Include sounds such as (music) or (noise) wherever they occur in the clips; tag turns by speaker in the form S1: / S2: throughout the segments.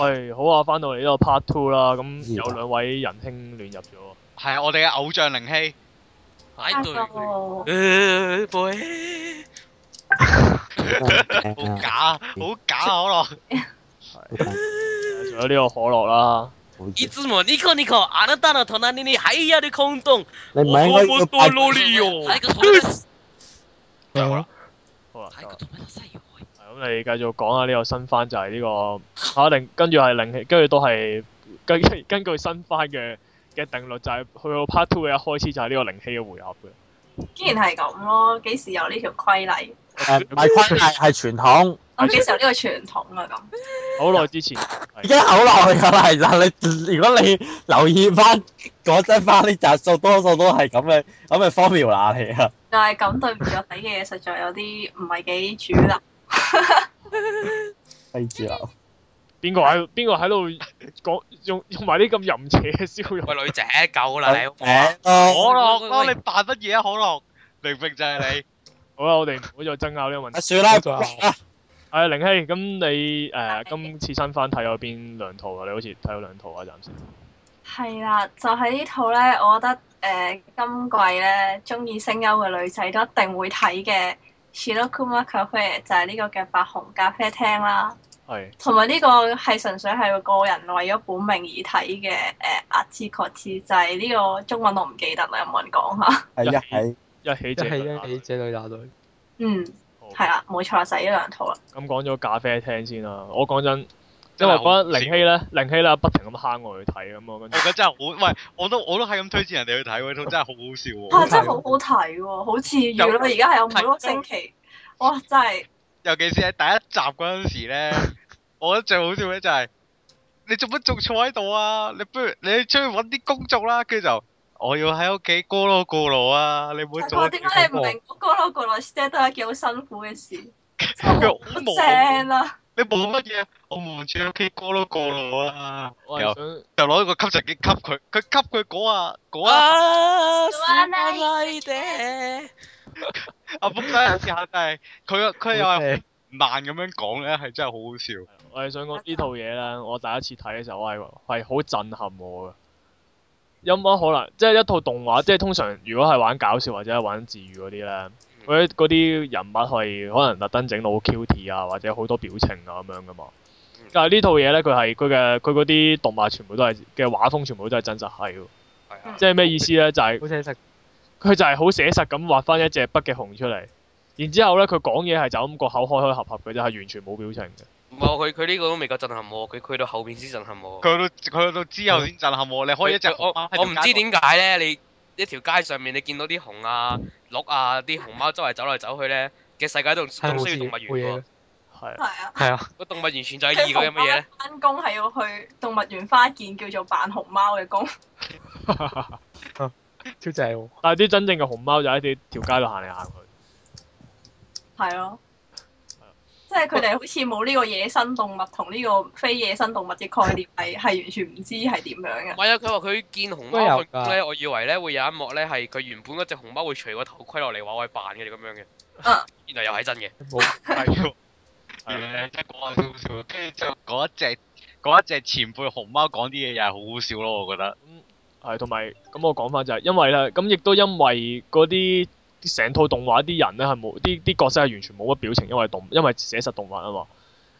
S1: 喂、哎，好啊，翻到嚟呢個 part two 啦、yeah, 嗯，咁有兩位仁兄亂入咗。係啊，我哋嘅偶像靈氣。
S2: 喺
S3: 度。好假，
S1: 假啊、樂好
S3: 假可樂。係。仲有
S1: 呢個可樂啦。你繼續講下呢個新番，就係呢個啊靈，跟住係靈氣，跟住都係根根據新番嘅嘅定律，就係去到 Part Two 嘅一開始就係呢個靈氣嘅回合嘅。竟然係
S4: 咁咯。幾時有呢條規例？誒，規例
S5: 係傳統。
S4: 咁幾時
S5: 有呢個傳統啊？咁好耐之前，而家好耐嘅啦。你如果你留意翻講真翻呢集，數多數都係咁嘅咁嘅 formula 嚟噶。就係咁對唔住，我睇
S4: 嘅嘢，實在有啲唔係幾主流。
S5: 低
S1: 調。邊個喺邊個喺度講用用埋啲咁淫邪嘅笑容？個女仔
S6: 夠啦，可樂，幫你扮乜嘢啊？可樂，明明就係你。
S1: 好啦，我哋唔好再爭拗呢個問題。小拉佢啊！係啊，玲希，咁你誒今次新翻睇咗邊兩套啊？你好似睇咗兩套啊？暫時
S4: 係啦，就喺呢套咧，我覺得誒今季咧中意聲優嘅女仔都一定會睇嘅。Shirokuma Cafe 就係、是、呢個嘅白熊咖啡廳啦，
S2: 係是，同
S4: 埋呢個係純粹係個人為咗本命而睇嘅誒阿次確次就係、是、呢個中文我唔記得啦，有冇人講下？
S1: 係一係一起一係一係這女那女，嗯，
S4: 係啦好，冇錯就係呢兩套啦。
S1: 咁講咗咖啡廳先啦，我講真。即係我覺得零戲咧，零戲咧不停咁慳我去睇咁樣！我覺得真係好，唔係我都我都係咁推薦人哋去睇喎，真係好好笑喎！嚇，真係好好睇喎，好
S4: 似如果而家係有每一個星期，哇！真係，
S6: 尤其是喺第一集嗰陣時咧，我覺得最好笑咧就係你做乜仲坐喺度啊？你不如你出去揾啲工作啦！跟住就我要喺屋企過羅過羅啊！你唔會做。點解你唔明
S2: 過羅
S4: 過羅 staff 都係一件好辛苦嘅事？好聲啊！你冇乜嘢，
S6: 我望住 K 歌都過路啊！我又想就攞一個吸塵機吸佢，佢吸佢講啊
S4: 講啊！啊咩？
S1: 啊扑街！試下，但係佢佢又係難咁樣講咧，係真係好好笑。我係想講呢套嘢咧，我第一次睇嘅時候，我係係好震撼我噶。因為可能即係一套動畫，即係通常如果係玩搞笑或者係玩治愈嗰啲咧。佢嗰啲人物係可，可能特登整到好 cute 啊，或者好多表情啊咁樣噶嘛。但係呢套嘢咧，佢係佢嘅佢嗰啲動物全部都係嘅畫風全部都係真實係喎。即係咩意思咧？就係、係、好寫實。佢就係好寫實咁畫翻一隻北極熊出嚟，然之後咧佢講嘢係就咁個口開開合合嘅，就係完全冇表情嘅。
S3: 佢佢呢個都未夠震撼喎。佢佢到後面先震撼喎。
S1: 佢到到之後先震撼喎。你可以一隻我
S3: 唔知點解咧你。一條街上面你見到啲熊啊、鹿啊、啲熊貓周圍走嚟走去咧嘅世界都仲需要動物園嘅喎，係啊，係啊，個、啊啊、動物園存在意義嗰乜嘢咧？熊
S4: 貓翻工係要去動物園花一件叫做扮熊貓嘅工，
S1: (laughs) 超正喎的！ (laughs) 但係啲真正嘅熊貓就喺條街度行嚟行去，
S4: 係咯、 (laughs) 嗯。即係佢哋好似冇呢個野生動物同呢個非野生動物嘅概念，係係完全唔知係點樣嘅。唔係啊！佢話佢見
S3: 熊貓，即係我以為咧會有一幕咧係佢原本嗰隻熊貓會除個頭盔落嚟話我係扮嘅咁樣嘅。嗯。然後又係真嘅。
S2: 冇。
S3: 係喎。係咧，笑， (laughs) (laughs) (laughs) 就。跟住就嗰一
S6: 隻一隻前輩熊貓講啲嘢又係好好笑咯，我覺得。
S1: 嗯。同埋咁我講翻就係，因為咧，咁亦都因為嗰啲。成套動畫啲人呢，係冇啲啲角色係完全冇乜表情，因為動因為寫實動畫啊嘛。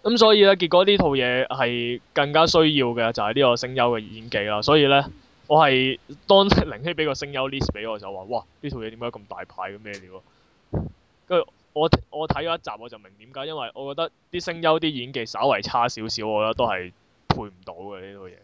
S1: 咁、嗯、所以呢，結果呢套嘢係更加需要嘅就係、是、呢個聲優嘅演技啦。所以呢，我係當零七俾個聲優 list 俾我就話：哇！呢套嘢點解咁大牌嘅咩料？跟住我我睇咗一集我就明點解，因為我覺得啲聲優啲演技稍為差少少，我覺得都係配唔到嘅呢套嘢。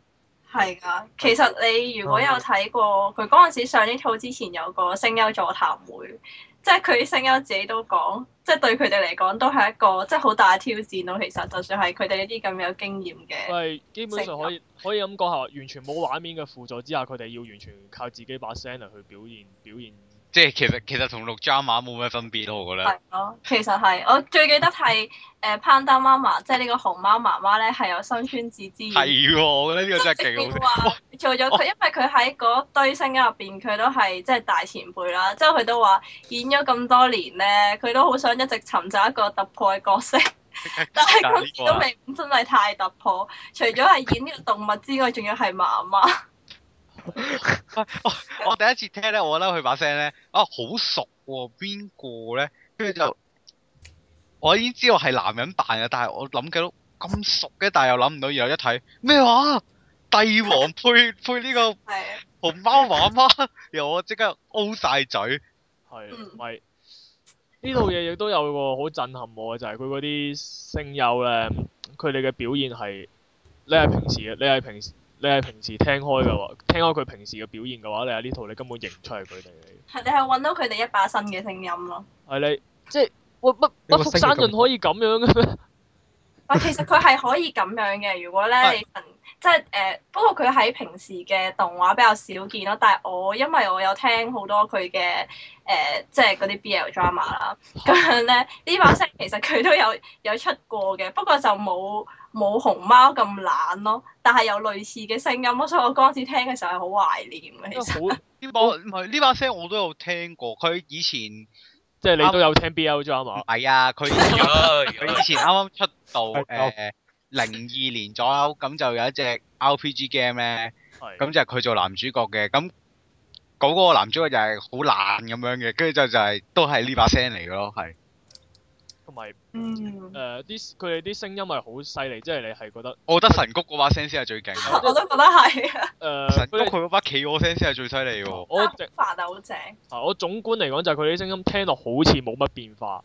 S4: 係噶，其實你如果有睇過佢嗰陣時上呢套之前有個聲優座談會，即係佢聲優自己都講，即係對佢哋嚟講都係一個即係好大挑戰咯。其實就算係佢哋一啲咁有經驗嘅，
S1: 基本上可以可以咁講下，完全冇畫面嘅輔助之下，佢哋要完全靠自己把聲嚟去表現表現、表現
S6: 即係其實其實同六爪馬冇咩分別咯，我覺得。 (laughs) 係 (noise)
S4: 咯樂，其實係我最記得係誒、呃、潘丹媽媽，即係呢個熊貓媽媽咧，係有新圈子之，之。係
S6: 喎， (music) (music) 我覺得呢個真係幾
S4: 好。做咗佢，哦、因為佢喺嗰堆星入邊，佢都係即係大前輩啦。之後佢都話演咗咁多年咧，佢都好想一直尋找一個突破嘅角色。
S2: (laughs) (laughs) 但係佢都未
S4: 真係太突破，除咗係演呢個動物之外，仲要係媽媽。 (laughs)
S6: (laughs) 我第一次聽咧，我覺得佢把聲咧啊好熟喎、哦，邊個咧？跟住就我已經知道我係男人扮嘅，但係我諗幾碌咁熟嘅，但係又諗唔到。然後一睇咩話帝王配配呢個
S1: 熊貓馬嗎？然後我即刻 O 晒嘴，係咪呢套嘢亦都有個好震撼我嘅，就係佢嗰啲聲優咧，佢哋嘅表現係你係平時，你係平時。你係平時聽開嘅喎，聽開佢平時嘅表現嘅話，你喺、啊、呢套你根本認唔出係佢哋
S4: 嚟。係你係揾到佢哋一把新嘅聲音咯。係你即係，哇！乜乜福山潤可
S1: 以咁樣嘅咩？ (laughs)
S4: 啊， (laughs) 其實佢係可以咁樣嘅。如果咧，你 (laughs) 即係誒，不過佢喺平時嘅動畫比較少見咯。但係我因為我有聽好多佢嘅誒，即係嗰啲 BL drama 啦，咁樣咧呢把聲其實佢都有有出過嘅，不過就冇冇熊貓咁懶咯。但係有類似嘅聲音，所以我剛始聽嘅時候係好懷念嘅。其實
S6: 呢唔係呢把聲，我都有聽過。佢以前。即係你都有聽 B.L.J 嘛？係 (laughs) 啊，佢佢以前啱啱 (laughs) 出道，誒零二年左右咁就有一隻 R.P.G. game 咧，咁就係佢做男主角嘅。咁嗰個男主角就係好爛咁樣嘅，跟住就就係、係都係呢把聲嚟
S1: 嘅咯，係。同
S2: 埋
S1: 誒啲佢哋啲聲音咪好犀利，即、就、係、是、你係覺得。我覺得神谷嗰把聲先係最勁。 (laughs) 我都覺得係、啊。誒、呃，不過佢嗰把企我聲先係最犀利喎。變化得好正、呃。我總觀嚟講就係佢啲聲音聽落好似冇乜變化，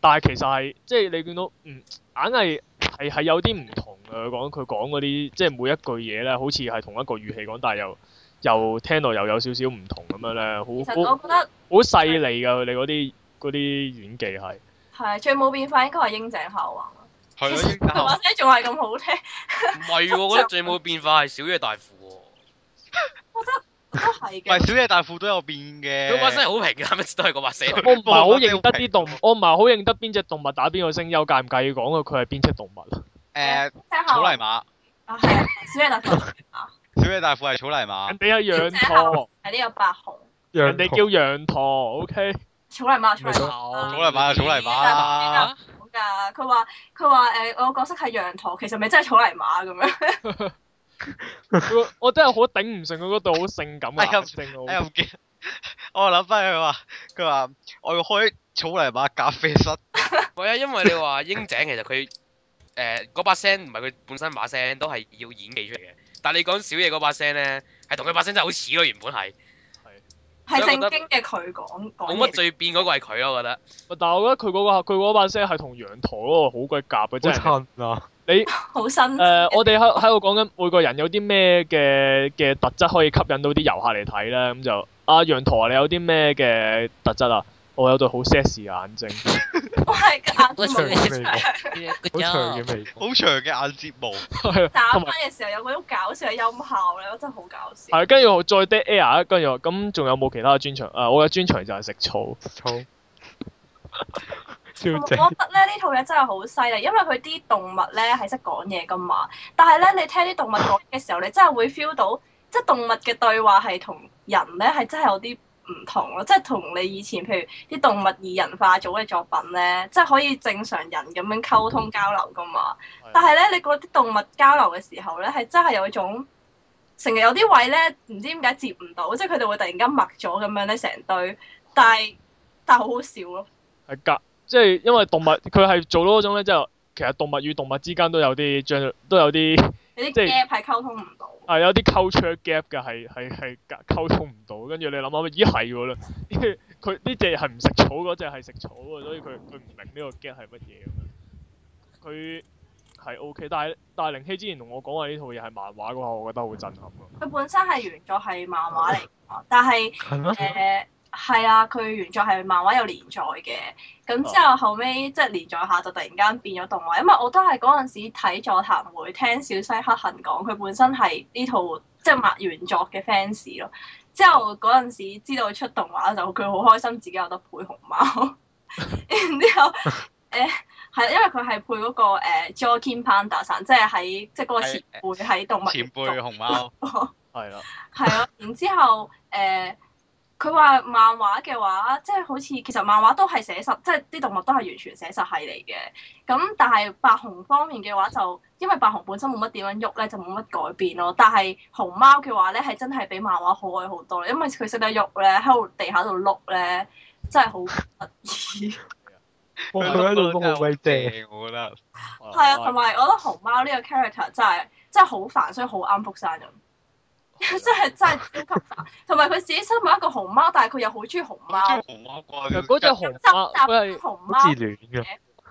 S1: 但係其實係即係你見到，嗯，硬係係係有啲唔同嘅講佢講嗰啲，即係、就是、每一句嘢咧，好似係同一個語氣講，但係又又聽落又有少少唔同咁樣咧，好，其實我
S2: 覺
S1: 得好細膩㗎，你嗰啲嗰啲演技係。
S4: 係最
S1: 冇變化應該係
S4: 櫻井孝宏咯，佢把聲仲係
S3: 咁好聽。唔係喎，我覺得最冇變化係小野大輔喎。我覺得
S4: 都係嘅。唔
S3: 係小野大輔都有變嘅，
S1: 佢把聲
S6: 好
S3: 平㗎，係咪都係個把聲。
S1: 我唔係好認得啲動，我唔係好認得邊隻動物打邊個聲優，介唔介意講佢係邊隻動物啊？誒，草泥馬啊，
S4: 係小野大輔啊，
S6: 小野大輔係草泥馬。你有係羊
S4: 駝，係呢個白
S1: 熊。人哋叫羊駝，OK。草泥馬，草泥馬，啊、草泥馬噶、啊，
S4: 佢話佢話，誒，
S1: 我角色係羊駝，其實咪真係草泥馬咁樣。我真係好頂唔順佢嗰度好性感啊！我又諗翻起佢話，佢話我要開草
S3: 泥馬咖啡室。係啊，因為你話英井其實佢誒嗰把聲唔係佢本身把聲，都係要演技出嚟嘅。但你講小野嗰把聲咧，係同佢把聲真係好似咯，原本係。
S4: 係正經嘅
S3: 佢講講，冇乜最變嗰
S1: 個係佢咯，我覺得。但係我覺得佢嗰，佢把聲係同羊駝嗰個好鬼夾嘅，真係。啊！你
S4: 好 (laughs) 新鮮。誒、呃，我哋喺
S1: 喺度講緊每個人有啲咩嘅嘅特質可以吸引到啲遊客嚟睇咧，咁就阿羊駝，你有啲咩嘅特質啊？我有對好 sexy 眼睛。 (laughs)
S2: 我係眼
S1: 睫毛好長，好長嘅眉，好
S4: 長嘅眼睫毛。 (laughs) 打翻嘅時候有嗰種搞笑嘅音效咧，我真係好搞
S1: 笑、嗯。係，跟住我再滴 air，跟住我咁仲有冇其他嘅專長？啊、呃，我嘅專長就係食草。 (laughs) 笑 (laughs) 我
S2: 笑覺
S4: 得咧呢套嘢真係好犀利，因為佢啲動物咧係識講嘢噶嘛。但係咧你聽啲動物講嘢嘅時候， (laughs) 你真係會 feel 到即係、就是、動物嘅對話係同人咧係真係有啲。唔同咯，即係同你以前，譬如啲動物擬人化組嘅作品咧，即係可以正常人咁樣溝通交流噶嘛。的但係咧，你嗰啲動物交流嘅時候咧，係真係有一種成日有啲位咧，唔知點解接唔到，即係佢哋會突然間默咗咁樣咧成堆，但係但係好
S1: 好笑咯。係噶，即係因為動物佢係做咗嗰種咧，即係其實動物與動物之間都有啲，都有啲。 (laughs) 你啲 gap 係溝通唔到，係有啲 culture gap 嘅係係係溝通唔到。跟住你諗下，咦係喎啦，佢呢隻係唔食草，嗰隻係食草啊，所以佢佢唔明呢個 gap 係乜嘢咁。佢係 OK，但係但係靈希之前同我講話呢套嘢係漫畫嘅話，我覺得好震撼。佢
S4: 本身係原作係漫畫嚟，但係誒。係啊，佢原作係漫畫有連載嘅，咁之後後尾，oh. 即係連載下就突然間變咗動畫，因為我都係嗰陣時睇座談會，聽小西克幸講，佢本身係呢套即係墨原作嘅 fans 咯。之後嗰陣時知道出動畫，就佢好開心自己有得配熊貓。然之後誒係 (laughs) 因為佢係配嗰個、uh, Joking Panda さん，即係喺即係嗰個前輩喺動物園前
S6: 輩熊貓係啦，
S4: 係 (laughs) 咯、啊， (laughs) 然之後誒。Uh, 佢話漫畫嘅話，即係好似其實漫畫都係寫實，即係啲動物都係完全寫實係嚟嘅。咁但係白熊方面嘅話就，就因為白熊本身冇乜點樣喐咧，就冇乜改變咯。但係熊貓嘅話咧，係真係比漫畫可愛好多，因為佢識得喐咧，喺度地下度碌咧，真係好
S6: 得意。佢喺度碌鬼正，我覺得。
S4: 係啊，同埋我覺得熊貓呢個 character 真係真係好煩，所以好啱福山潤。 (music) 真
S2: 係真係超級煩，同埋佢
S4: 自己收埋一個熊貓，
S2: 但係佢又好中意熊貓。
S1: 熊貓乖嘅，嗰
S4: 隻熊貓，佢係自戀嘅。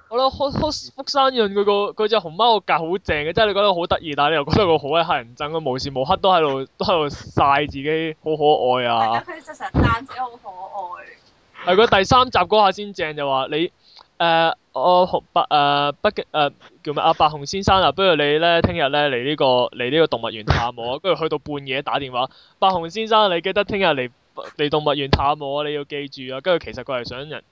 S4: 我覺得好好，福山潤佢個佢隻熊貓個格，
S1: 格好正嘅，即係你覺得好得意，但係你又覺得佢好鬼乞人憎，佢無時無刻都喺度都喺度晒自己，好可愛啊！佢成日扮自己好
S2: 可
S1: 愛。係佢第三集嗰下先正就話你。誒我白，誒北極，誒叫咩阿白熊先生啊，不如你咧聽日咧嚟呢個嚟呢個動物園探我。跟住去到半夜打電話。白熊先生你記得聽日嚟嚟動物園探我，你要記住啊。跟住其實佢係想人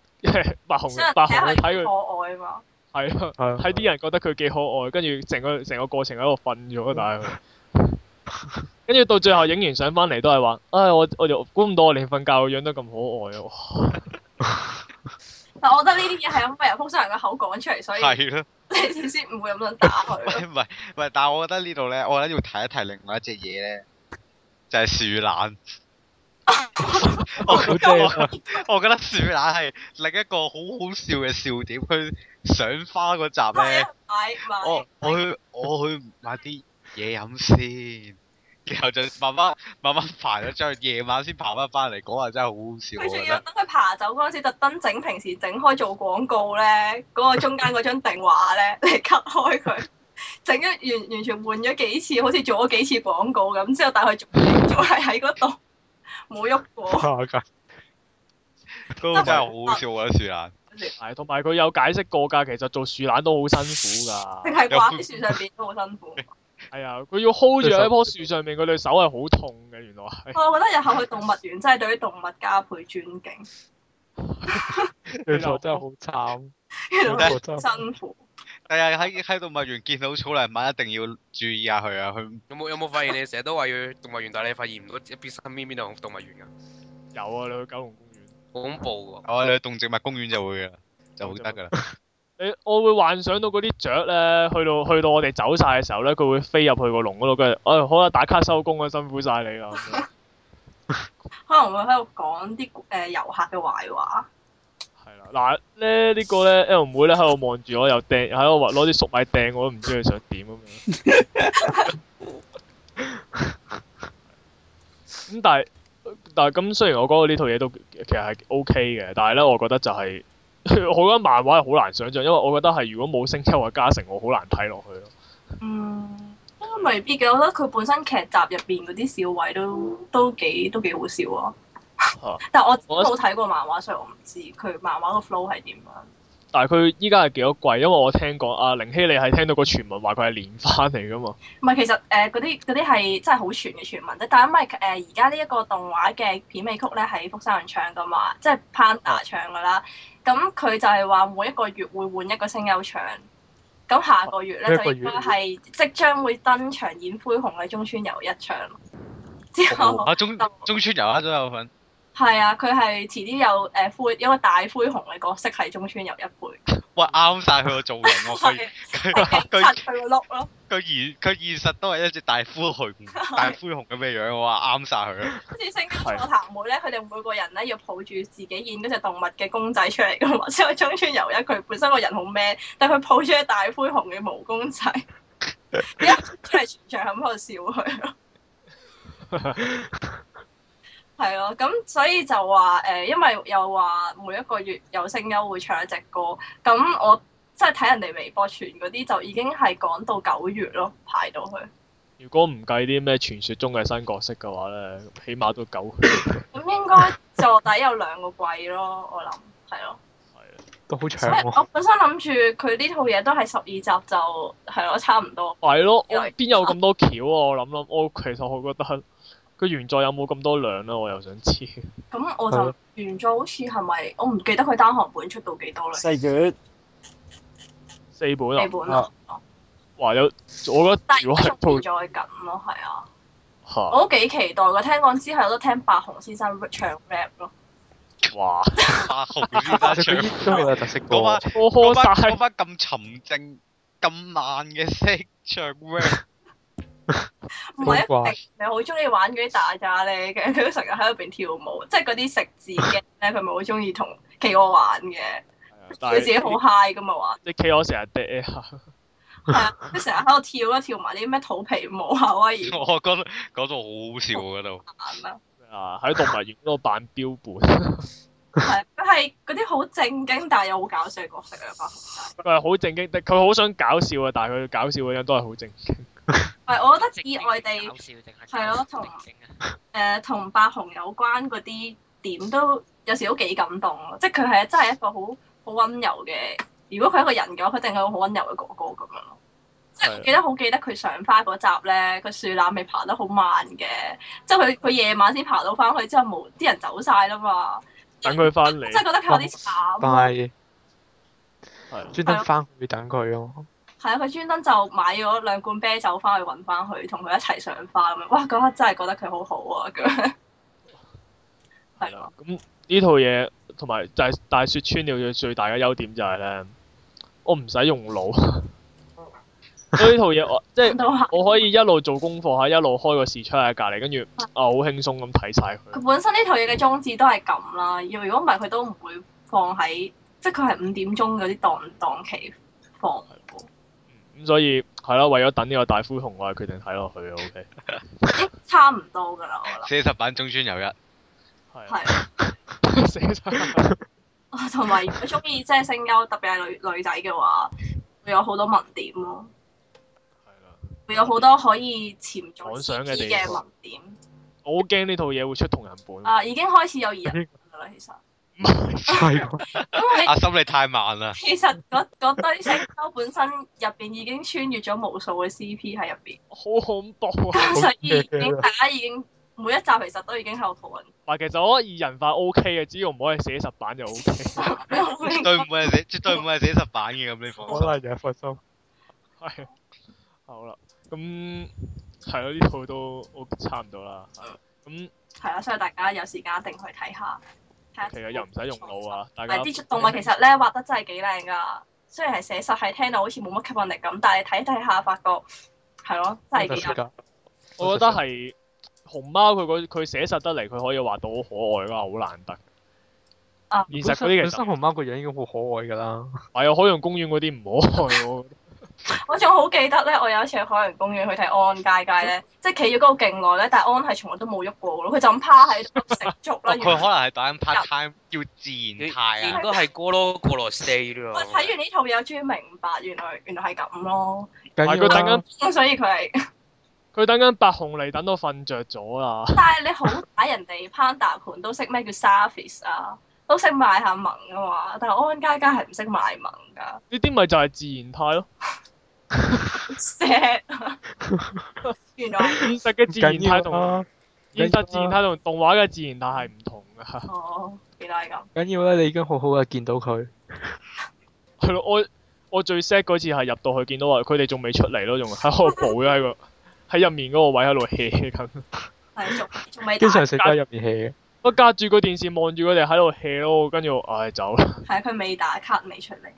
S1: 白熊白熊去睇佢可愛嘛。係啊，係。睇啲人覺得佢幾可愛，跟住成個成個過程喺度瞓咗，但係。跟住到最後影完相翻嚟都係話，唉！我我就估唔到我連瞓覺，嘅樣都咁可愛啊！
S4: 但我覺得呢啲嘢係咁，
S1: 不由風
S6: 箱人嘅口講出嚟，所以你先唔會咁樣打佢。 (laughs) 唔係，唔係，但係我覺得呢度咧，我覺得要提一提另外一隻嘢咧，就係、是、樹懶。我覺得樹懶係另一個好好笑嘅笑點去。佢賞花嗰集咧，我我去 (laughs) 我去買啲嘢飲先。然後就慢慢慢慢爬咗出去，夜晚先爬翻翻嚟，講話真係好好笑。仲要等
S4: 佢爬走嗰陣時，特登整平時整開做廣告咧，嗰個中間嗰張定畫咧嚟 cut 開佢，整咗完完全換咗幾次，好似做咗幾次廣告咁，之後但係佢仲係喺嗰度冇喐
S1: 過。真係好笑啊！樹懶，係同埋佢有解釋過噶，其實做樹懶都好辛苦噶，淨係掛喺樹
S4: 上邊都好辛苦。 (laughs)
S1: 係啊，佢、哎、要 hold 住喺一棵樹上面，佢對手係好痛嘅，原來係、哦。
S4: 我覺得日後去動物
S1: 園真係對
S6: 於動物加倍尊敬。你坐 (laughs) 真係好慘，慘辛苦。第日喺喺動物園見到草泥馬，一定要注意下佢啊！佢
S3: 有冇有冇發現你成日都話要去動物園， (laughs) 但係你發現唔到一邊身邊邊度有動物園啊。
S1: 有啊，你去九龍公園，好恐怖。有啊。
S6: 哦，你去動植物公園就會噶，就會得噶。植 (laughs)
S1: 我會幻想到嗰啲雀咧，去到去到我哋走晒嘅時候咧，佢會飛入去個籠嗰度。跟住，哎，好啦，打卡收工啊，辛苦晒你啊。 (laughs) (laughs) 可能會喺度講
S4: 啲誒遊客嘅壞
S1: 話。係啦，嗱咧，這個，呢個咧，阿妹咧喺度望住我，又掟，又喺度話攞啲粟米掟，我都唔知佢想點咁樣。
S2: 咁
S1: 但係但係咁，雖然我講到呢套嘢，都其實係 O K 嘅，但係咧，我覺得就係、是。我覺得漫畫係好難想像，因為我覺得係如果冇星秋或加成，我好難睇落去
S4: 咯。嗯，應該未必嘅。我覺得佢本身劇集入邊嗰啲笑位都，嗯、都幾都幾好笑咯，
S2: 啊。啊、 (laughs) 但
S4: 係我冇睇過漫畫，所以我唔知佢漫畫 flow 個 flow 係點啊。
S1: 但係佢依家係幾多季？因為我聽講阿寧希，你係聽到個傳聞話佢係連返嚟噶嘛？唔
S4: 係，其實誒嗰啲嗰啲係真係好傳嘅傳聞。但係因為誒而家呢一個動畫嘅片尾曲咧，係福山潤唱噶嘛，即係 Panda 唱噶啦。嗯。咁佢就係話每一個月會換一個聲優場，咁下個月咧就應該係即將會登場演灰熊嘅中村悠一場。
S2: 之後，哦，中
S6: 中村悠一都有份。
S4: 係啊，佢係遲啲有誒、呃、灰，因為大灰熊嘅角色係中村悠一配。
S6: 喂，啱晒佢個造型，啊，我佢佢
S4: 佢佢個 look 咯。
S6: 佢現佢現實都係一隻大灰熊，是大灰熊咁嘅樣，哇，啱晒佢。
S4: 好似《猩猩座頭母》咧，佢哋每個人咧要抱住自己演嗰隻動物嘅公仔出嚟噶嘛。之後中村悠一佢本身個人好 man，但佢抱出一隻大灰熊嘅毛公仔，
S2: 一
S4: (laughs) 係全場喺度笑佢。 (laughs) (laughs) 係咯，咁所以就話誒、呃，因為又話每一個月有聲優會唱一隻歌，咁我即係睇人哋微博傳嗰啲就已經係講到九月咯，排到去。
S1: 如果唔計啲咩傳說中嘅新角色嘅話咧，起碼都九
S4: 月。咁 (laughs) 應該坐底有兩個季咯，我諗係咯。係
S1: 啊，都好長。我
S4: 本身諗住佢呢套嘢都係十二集就係咯，差唔多。
S1: 係咯了，我邊有咁多橋啊？我諗諗，我其實我覺得。佢原作有冇咁多量咧？我又想知。咁
S4: 我就原作好似係咪？我唔記得佢單行本出到幾多嘞？
S1: 四本？四本啊！哇！有我
S2: 覺得如果係存在感咯，係啊！我都
S4: 幾期待嘅。聽講之後都聽白熊先生唱 rap
S2: 咯。哇！白熊先生唱都係有特色歌。
S4: 嗰班嗰班咁
S6: 沉靜、咁慢嘅聲唱
S2: rap。
S4: 唔係啊，佢好中意玩嗰啲打架咧，佢都成日喺度邊跳舞，即係嗰啲食字 game 咧，佢咪好中意同企鵝玩嘅，
S1: 佢自己好
S4: high 咁啊玩。 (laughs)
S1: 即係企鵝成日跌下，
S4: 係啊，佢成日喺度跳啦，跳埋啲咩肚皮舞、夏威夷。 (laughs) 我
S1: 覺得講到好好笑嗰度。扮啊！ (laughs) 喺動物園嗰度扮標本。係，
S4: 佢係嗰啲好正經，但係又好搞笑嘅角色啊，扮。
S1: 佢係好正經，佢好想搞笑啊！但係佢搞笑嗰樣都係好正經。
S4: 係，我覺得意外地
S2: 係咯，同
S4: 誒同白熊有關嗰啲點都有時都幾感動咯。即係佢係真係一個好好溫柔嘅。如果佢係一個人嘅話，佢定係好溫柔嘅哥哥咁樣咯。即
S2: 係記得
S4: 好記得佢上花嗰集咧，佢樹懶咪爬得好慢嘅。即係佢，佢夜晚先爬到翻去，之後冇啲人走晒啦嘛。
S1: 等佢翻嚟，即係覺得佢有啲慘。但係係
S7: 專登翻去等佢咯。
S4: 係啊，佢專登就買咗兩罐啤酒翻去揾翻佢，同佢一齊賞花咁樣。哇！嗰刻真係覺得佢好好啊咁樣。係啊，
S1: 咁呢套嘢同埋就係大雪村嘅最大嘅優點就係咧，我唔使用腦。所以呢套嘢，我即係我可以一路做功課，嚇一路開個視窗喺隔離，跟住啊好輕鬆咁睇晒
S4: 佢。佢本身呢套嘢嘅宗旨都係咁啦。如果唔係，佢都唔會放喺，即係佢係五點鐘嗰啲檔檔期放。
S1: 咁所以係啦，為咗等呢個大灰熊，我係決定睇落去 o、okay? k
S2: (laughs) 差唔多噶啦，我諗。四十
S1: 版終專有
S2: 一。係。四十。啊，同埋如果中意
S4: 即係聲優，特別係女女仔嘅話，會有好多文點咯、啊。係啦了。會有好多可以潛在想嘅文點。
S1: 我好驚呢套嘢會出同人本。 (laughs) 啊，
S4: 已經開始有議論噶啦，其實。慢
S1: 阿心你
S6: 太慢啦。其
S4: 實嗰堆成雕本身入邊已經穿越咗無數嘅 C P 喺入邊。好恐怖啊！所以，大家已經每一集其實都已經喺度討論。
S1: 其實我二人化 O K 嘅，只要唔可以寫實版就 O K，
S4: 絕對
S1: 唔會係寫，絕對唔會係寫實版嘅咁，你放心。可能就係放心。係。好啦，咁係咯，呢套都差唔多啦。係咯，咁
S4: 係啦，所以大家有時間一定去睇下。其實
S1: Okay,、嗯、又唔使用腦啊！錯家但係啲出動物其實咧畫、
S4: 嗯、得真係幾靚噶，雖然係寫實，係聽到好似冇乜吸引力咁，但係睇睇下發覺係咯、啊，真係幾
S1: 靚。我覺得係熊貓佢佢寫實得嚟，佢可以畫到好可愛噶，好難得。
S4: 啊！現實嗰啲人，實，本身
S1: 熊貓個樣已經好可愛噶啦。係啊， (laughs) 海洋公園嗰啲唔可愛喎。 (laughs)
S4: 我仲好記得咧，我有一次去海洋公園去睇安安佳佳咧，即係企咗嗰度勁耐咧，但係安係從來都冇喐過咯，佢就咁趴喺度食粥啦。佢 (laughs) 可能係打緊 part
S3: time 叫自然態啊，應該係過咯過羅
S1: 四咯。我睇
S4: 完呢套嘢，我終於明白，原來原來係咁咯。但係佢等緊， (laughs) 所以佢係
S1: 佢等緊白熊嚟等到瞓着咗啦。 (laughs)
S4: 但係你好打人哋 Panda 盤都識咩叫 surface 啊？
S1: 都識賣下萌噶嘛，但係安安家家係唔
S4: 識賣萌噶。呢啲咪就
S2: 係自然態咯。set 啊，原
S1: 來。現實 (laughs) 自然
S4: 態
S2: 同，現實、啊、自然態
S1: 同動畫嘅自然態係唔同噶。哦，原來係
S7: 咁。緊要咧，你已經好好嘅見到佢。
S1: 係 (laughs) 咯，我我最 set 嗰次係入到去見到話，佢哋仲未出嚟咯，仲喺度補嘅喺個喺入面嗰個位喺度 hea 緊。仲仲未。經常食雞入面 hea 嘅。我隔住個電視望住佢哋喺度 hea 咯，跟住我唉、哎、走啦。
S4: 係啊，佢未打卡，未出嚟。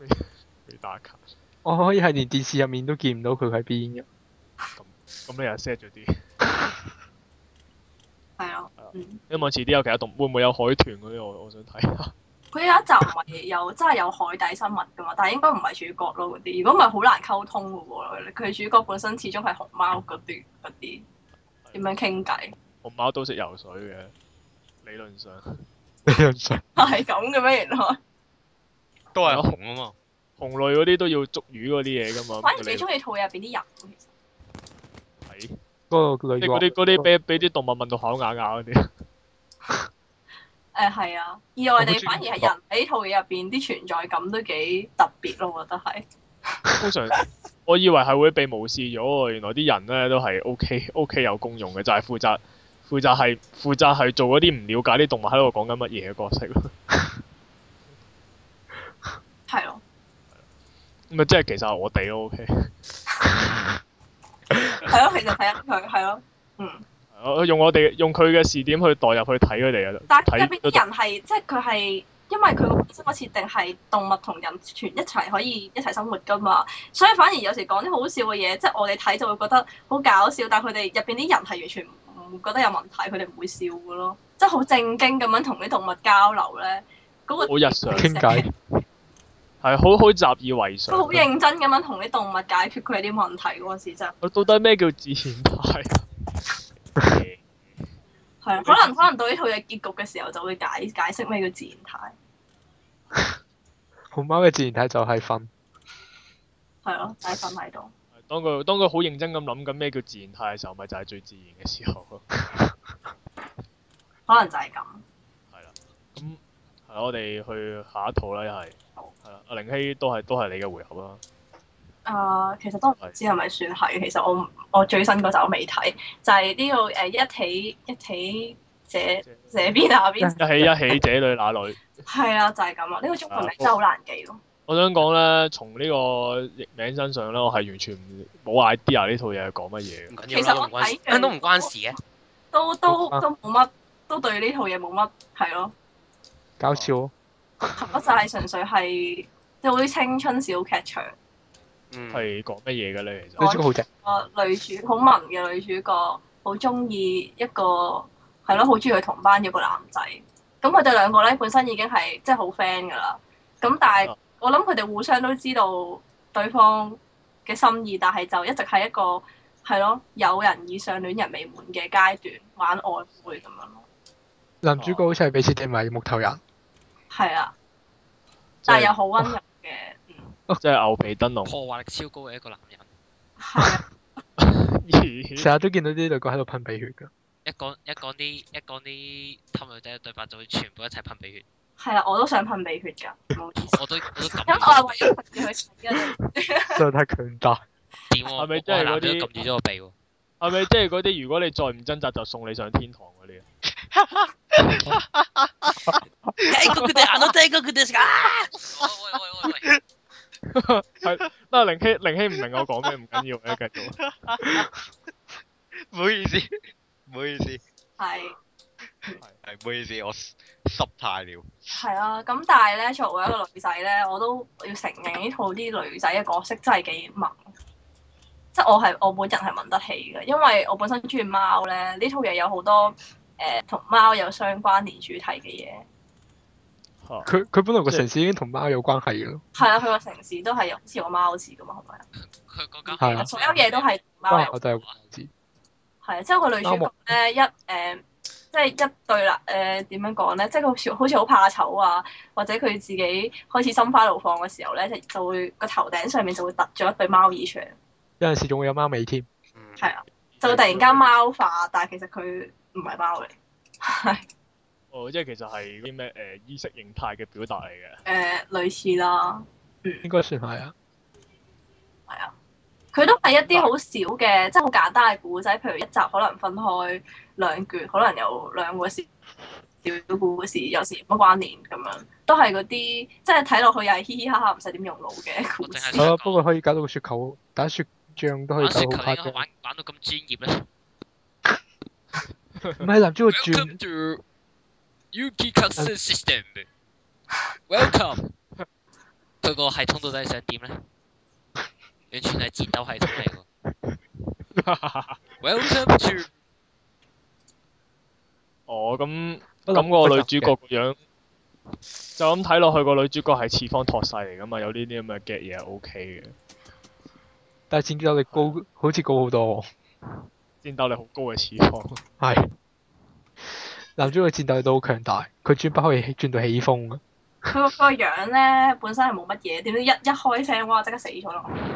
S1: 未打卡。
S7: 我可以係連電視入面都見唔到佢喺
S1: 邊嘅。咁咁你又 set 咗啲？係咯。嗯。因為遲啲有其他動，會唔會有海豚嗰啲？我我想睇下。
S4: 佢有一集唔係有真係有海底生物噶嘛？但係應該唔係主角咯，嗰啲如果唔係好難溝通噶喎。佢主角本身始終係熊貓嗰啲嗰啲，點樣傾偈？
S1: 熊貓都識游水嘅，理論上
S2: 理論
S4: 上係咁嘅咩？原來 (laughs)
S1: (laughs) 都係熊啊嘛，熊類，嗰啲都要捉魚嗰啲嘢噶嘛。反而幾中
S4: 意套
S1: 入邊啲人，其實係嗰個。 (laughs) (laughs) 即係嗰啲嗰啲俾俾啲動物問到口啞啞嗰啲。誒、 (laughs) 呃，係啊，意外地反而
S4: 係人喺套嘢入邊啲存在感都幾特別咯。我覺得係
S1: 通常我以為係會被無視咗，原來啲人咧都係 O K O K 有共用嘅，就係、是、負責。負責係負責係做嗰啲唔了解啲動物喺度講緊乜嘢嘅角色咯，係咯，咪即係其實我哋咯，OK，係咯，
S4: 其實睇下佢
S1: 係咯，嗯，用我哋用佢嘅視點去代入去睇佢哋啊，但係入邊啲人係
S4: 即係佢係因為佢本身個設定係動物同人全一齊可以一齊生活噶嘛，所以反而有時講啲好笑嘅嘢，即係我哋睇就會覺得好搞笑，但係佢哋入邊啲人係完全。唔覺得有問題，佢哋唔會笑㗎咯，即係好正經咁樣同啲動物交流咧，嗰、那個好日常傾偈，
S1: 係好好習以為常。好
S4: 認真咁樣同啲動物解決佢啲問題嗰陣時，真
S1: 係。到底咩叫自然態？
S4: 係 (laughs) 啊， (laughs) 可能可能到呢套嘢結局嘅時候就會解解釋咩叫自然態。
S7: 熊 (laughs) 貓嘅自然態就係瞓，
S4: 係咯、 (laughs) 哦，就係瞓喺度。
S1: 當佢當佢好認真咁諗緊咩叫自然態嘅時候，咪就係、是、最自然嘅時候咯。 (laughs) 可能
S4: 就係咁。係啦，
S1: 咁係、嗯、我哋去下一套啦，又係。好。係阿玲希都係都係你嘅回合啦。啊，
S4: 其實都唔知係咪算係。的其實我我最新嗰集我未睇，就係、是、呢、這個誒一起一起這這邊那邊。
S1: 一起一起這裏那裏。
S4: 係啦，就係咁啦。呢、這個中文名真係好難記咯。 (laughs)
S1: 我想講咧，從呢個譯名身上咧，我係完全冇 idea 呢套嘢係講乜嘢。其實我睇都唔關事
S4: 嘅，都都、啊、都冇乜，都對呢套嘢冇乜係咯。
S1: 搞笑、
S4: 哦，就係純粹係即係好啲青春小劇場。
S1: 嗯，係講乜嘢嘅咧？其實女主
S2: 角
S4: 好正，女主好文嘅女主角，好中意一個係咯，好中意佢同班嘅一個男仔。咁佢哋兩個咧本身已經係即係好 friend 噶啦。咁但係。啊我諗佢哋互相都知道對方嘅心意，但係就一直喺一個係咯，有人以上，戀人未滿嘅階段，玩曖昧咁樣咯。
S7: 男主角好似係俾設定埋木頭人。
S4: 係、哦、啊，但係又好溫
S7: 柔嘅。哦，即、就、係、是、牛皮燈籠。破
S4: 壞力超高嘅一個男人。
S3: 成
S7: 日都見到啲女角喺度噴鼻血噶。一講
S4: 一講啲一講啲
S3: 氹女仔嘅對白，就會全部一齊噴鼻血。
S4: 係啊，我都想噴鼻
S2: 血噶，意思我都，都因為我都咁。咁 (laughs) 拳、 (laughs) 那個、我係為咗噴
S1: 住佢死嘅。太強大，點啊？係咪即係男仔撳住咗個鼻？係咪即係嗰啲？ (laughs) 如果你再唔掙扎，就送你上天堂嗰啲。
S4: 哎， (laughs) 嗰啲阿叔，哎，嗰啲啊！喂喂喂喂喂，
S1: 係嗱，靈希靈希唔明我講咩，唔緊要嘅，繼續。唔 (laughs) (laughs) 好意思，唔好意思。係。 (noise) (noise)
S6: 係，唔我濕太了。
S4: 係啊，咁但係咧，作為一個女仔咧，我都要承認呢套啲女仔嘅角色真係幾萌。即係我係我本人係聞得起嘅，因為我本身中意貓咧。呢套嘢有好多誒同貓有相關聯主題嘅嘢。
S7: 佢佢，啊啊啊，本來個城市已經同貓有關係咯。
S4: 係啊，佢個城市都係有似個貓似噶嘛，係咪？係啊，所有嘢都係貓。我
S7: 就係知。
S4: 係啊，即係個女主誒貓我 一誒。Uh, 即係一對啦，誒、呃，點樣講咧？即係佢好似好似好怕醜啊，或者佢自己開始心花怒放嘅時候咧，就就會個頭頂上面就會突咗一對貓耳出嚟。
S7: 有陣時仲會有貓尾添。嗯，
S4: 係啊，就會突然間貓化，但係其實佢唔係貓嚟。
S1: 係，哦，即係其實係啲咩誒意識形態嘅表達嚟嘅。誒、
S4: 呃，類似啦，應該算係啊，係啊。佢都係一啲好少嘅，但 即係好簡單嘅故仔。譬如一集可能分開兩卷，可能有兩個小小故事，有時乜關聯咁樣。都係嗰啲即係睇落去又係嘻嘻哈哈，唔使點用腦嘅故事。
S7: 係、哦、不過可以搞到個雪球打雪仗都可以打下嘅。
S3: 玩到咁專業咧？
S7: 唔係男豬嘅住。Welcome
S3: to Uki Custom System。Welcome。佢個系統到底想點咧？
S2: 完全係戰鬥系統
S1: 嚟喎！喂，好想笑。哦，咁咁個女主角個樣 (laughs) 就咁睇落去，個女主角係次方托勢嚟噶嘛？有呢啲咁嘅嘅 e t 嘢，O K 嘅。OK、
S7: 但係戰鬥力高，好似高好多。
S1: (laughs) 戰鬥力好高嘅次方。
S7: 係。 (laughs) (laughs) 男主角戰鬥力都好強大，佢轉包可以轉到起風啊！
S4: 佢 (laughs) 個樣咧本身係冇乜嘢，點知一一開聲，哇！即刻死咗咯～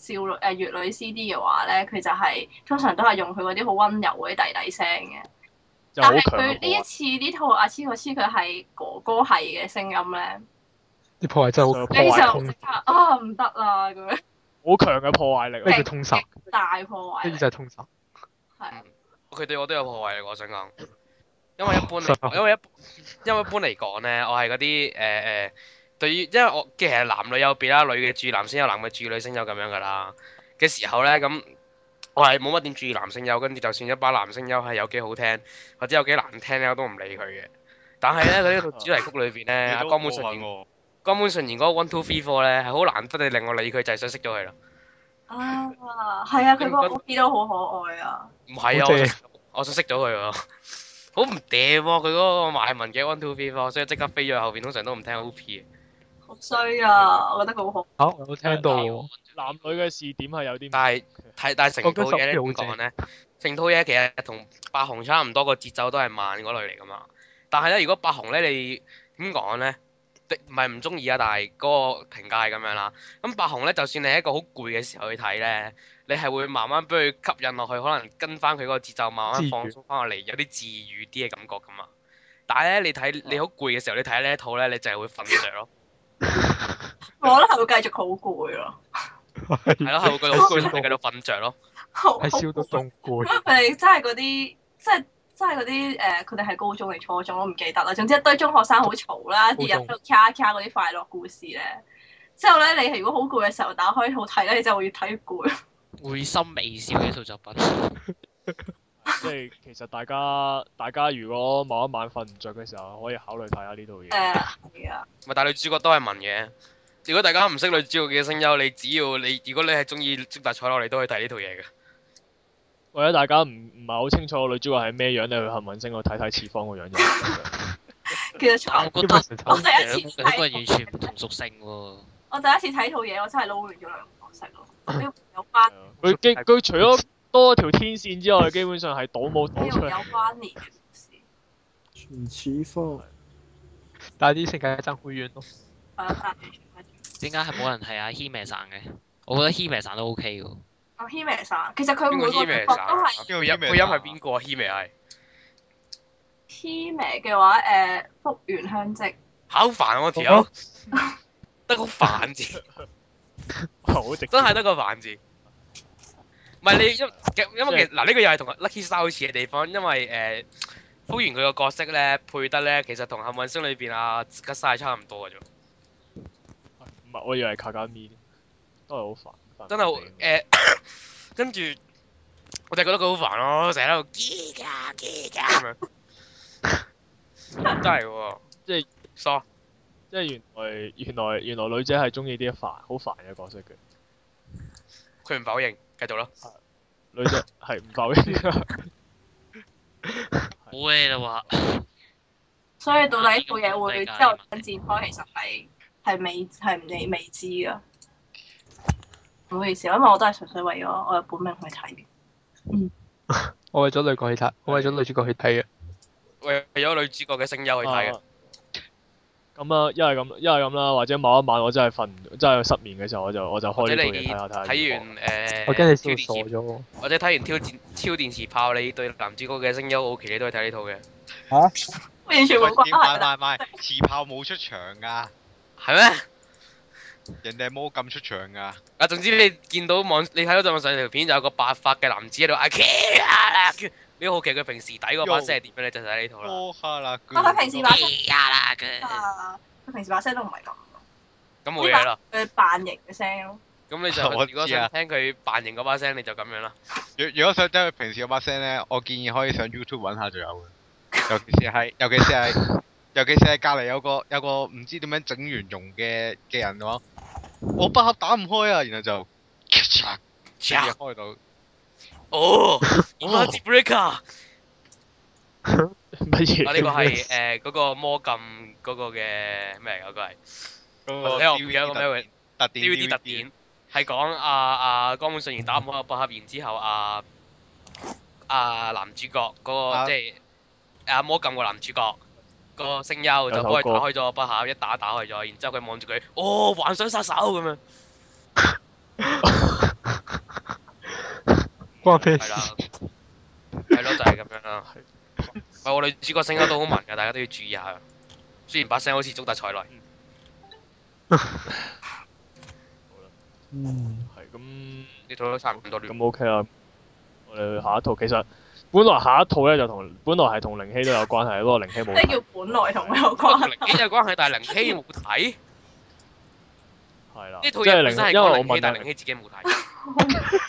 S4: 少女誒，粵女 C D 嘅話咧，佢就係通常都係用佢嗰啲好温柔嗰啲弟弟聲嘅。
S2: 但係佢呢
S4: 一、啊、次呢套阿千個黐，佢係哥哥係嘅聲音咧。
S7: 啲破壞真係好，非常
S4: 啊唔得啦咁樣。
S1: 好那麼 強嘅破壞力，跟住通殺大破壞力，跟住就係通殺。
S3: 係是。佢對我都有破壞啊！我想講，因為一般嚟，因為一因為一般嚟講咧，我係嗰啲誒誒。呃呃對於，因為我其實男女有別啦，女嘅注男聲優，男嘅注女聲優咁樣噶啦嘅時候咧，咁我係冇乜點注意男聲優，跟住就算一把男聲優係有幾好聽，或者有幾難聽咧，我都唔理佢嘅。但係咧，佢呢個主題曲裏邊咧， (laughs) 放江本純江本純然嗰 One Two Three Four 咧，係好、啊、難得你令我理佢，就係、係、想識咗佢咯。啊，
S4: 係啊，佢個 OP 都
S3: 好可愛啊。唔係 (laughs) 啊，我想識咗佢喎，好唔掂啊！佢嗰個賣萌嘅 One Two Three Four，所以即刻飛咗去後邊，通常都唔聽 OP。
S2: 好衰啊！我覺得佢好紅。
S7: 好、啊，我聽
S1: 到男女嘅視
S3: 點係有啲。但係睇但係成套嘢咧，講咧，成套嘢其實同白熊差唔多，個節奏都係慢嗰類嚟噶嘛。但係咧，如果白熊咧，你點講咧？唔係唔中意啊，但係嗰個評價係咁樣啦。咁白熊咧，就算你係一個好攰嘅時候去睇咧，你係會慢慢俾佢吸引落去，可能跟翻佢個節奏，慢慢放鬆翻落嚟，有啲治癒啲嘅感覺噶嘛。但係咧，你睇你好攰嘅時候，你睇呢一套咧，你就係會瞓着咯。 (laughs)
S4: (laughs) 我覺得係會繼續好攰
S3: 咯，係啦， (laughs) (laughs) 會繼續好攰，會繼續瞓着咯，
S4: 係笑到仲攰。佢哋真係嗰啲，即係真係嗰啲，誒，佢哋係高中定初中，我唔記得啦。總之一堆中學生好嘈啦，啲人喺度卡卡嗰啲快樂故事咧。之後咧，你係如果好攰嘅時候打開好睇咧，你就會越睇越攰。
S1: 會心微笑嘅一套作品。 (laughs) 即係其實大家，大家如果某一晚瞓唔着嘅時候，可以考慮睇下呢套嘢。係啊。但女
S3: 主角都係文嘅。如果大家唔識女主角嘅聲優，你只要你如果你係中意鐘大彩落，你都可以睇呢套嘢嘅。
S1: 或者大家唔唔係好清楚女主角係咩樣，你去幸運星我睇睇次方個樣。其實
S2: 彩。我第
S4: 一
S1: 次睇。完全唔同屬性喎。我第一次睇套嘢，我真係撈完咗兩個角色咯。
S4: 有班。佢
S1: 佢除咗。多條天線之外，基本上係倒冇倒出
S4: 嚟。
S1: 全似科，
S7: 但係啲性格爭好遠咯。
S3: 點解係冇人睇阿希咩散嘅？我覺得希咩散都 OK 嘅。阿
S4: 希咩散，其實佢每個主
S3: 角配音係邊個？希咩係？希
S4: 咩嘅話，誒福原香織。
S3: 考反我條，得個煩字。好正。真係得個煩字。唔係你因為其實嗱，呢個又係同 Lucky Star 好似嘅地方，因為誒，福原佢個角色咧配得咧，其實同幸運星裏邊啊吉晒差唔多嘅啫。
S1: 唔係，我以為係卡加咪，都係好煩，
S2: 真係
S3: 誒，跟住我就係覺得佢好煩咯，
S1: 成日喺
S2: 度嘰啊嘰啊咁
S1: 樣。真係嘅，即係，sorry，即係原來原來原來女仔係中意啲煩，好煩嘅角色嘅。
S3: 佢唔否認，繼續咯。女仔係唔受氣啊！唔會嘅話，
S4: 所以到底部嘢會之後發展開，管其實係係未係你未知噶。唔好意思，因為我都係純粹為咗我嘅本命去睇嘅。嗯，
S7: (laughs) 我為咗女主角去睇，我為咗女主角去睇
S1: 嘅，為為咗女主角嘅聲優去睇嘅。啊啊咁啊，因為咁，因為咁啦，或者某一晚我真係瞓，真係失眠嘅時候我，我就我
S2: 就開呢套嚟睇睇。
S3: 完誒，我驚你笑傻咗。或者睇完《超電超電磁炮》呃，你對男主角嘅聲優好奇，你都係睇呢套嘅。
S2: 吓、啊？完 (laughs) 全
S3: 冇炮冇出場噶。係咩嗎？ (laughs) 人哋冇咁出場噶。啊， (laughs) 總之你見到網，你睇到在上條片就有個白髮嘅男子喺度嗌。你好奇佢平時底嗰把聲係點樣咧？你就睇呢套
S4: 啦。但係、啊、平時把聲啦，佢、欸啊、平時把聲都唔係咁。咁冇嘢啦。佢扮型嘅聲
S3: 咯。咁你就、啊、我如果想聽佢扮型嗰把聲，你就咁樣啦。
S6: 如如果想聽佢平時嗰把聲咧，我建議可以上 YouTube 揾下就有。尤其是係，尤其是係，尤其是係隔離有個有個唔知點樣整完容嘅嘅人嘅喎，我不恰打唔開
S3: 啊，然後就切開到。哦，二次 breaker，
S1: 乜嘢？我呢個係誒
S3: 嗰個魔禁嗰個嘅咩嚟？嗰個係，嗰個叫咩名？D V D 特典，係講阿阿江本信彥打唔開個 box，然之後阿阿男主角嗰個即係阿魔禁個男主角個聲優就幫佢打開咗個 box，一打打開咗，然之後佢望住佢，哦，幻想殺手咁樣。係啦，係咯，就係咁樣啦。係，我哋主角聲音都好聞噶，大家都要注意下。雖然把聲好似中大才女。好
S1: 啦，嗯，
S2: 係咁，
S5: 呢套都差唔多。咁
S1: OK 啦，我哋去下一套。其實本來下一套咧就同本來係同靈希都有關係，不過靈希冇。即係
S4: 叫本來同有關係，有關係，但係靈希冇睇。係啦，呢套因為靈，因為
S2: 我
S3: 問，
S1: 但係靈希自己冇睇。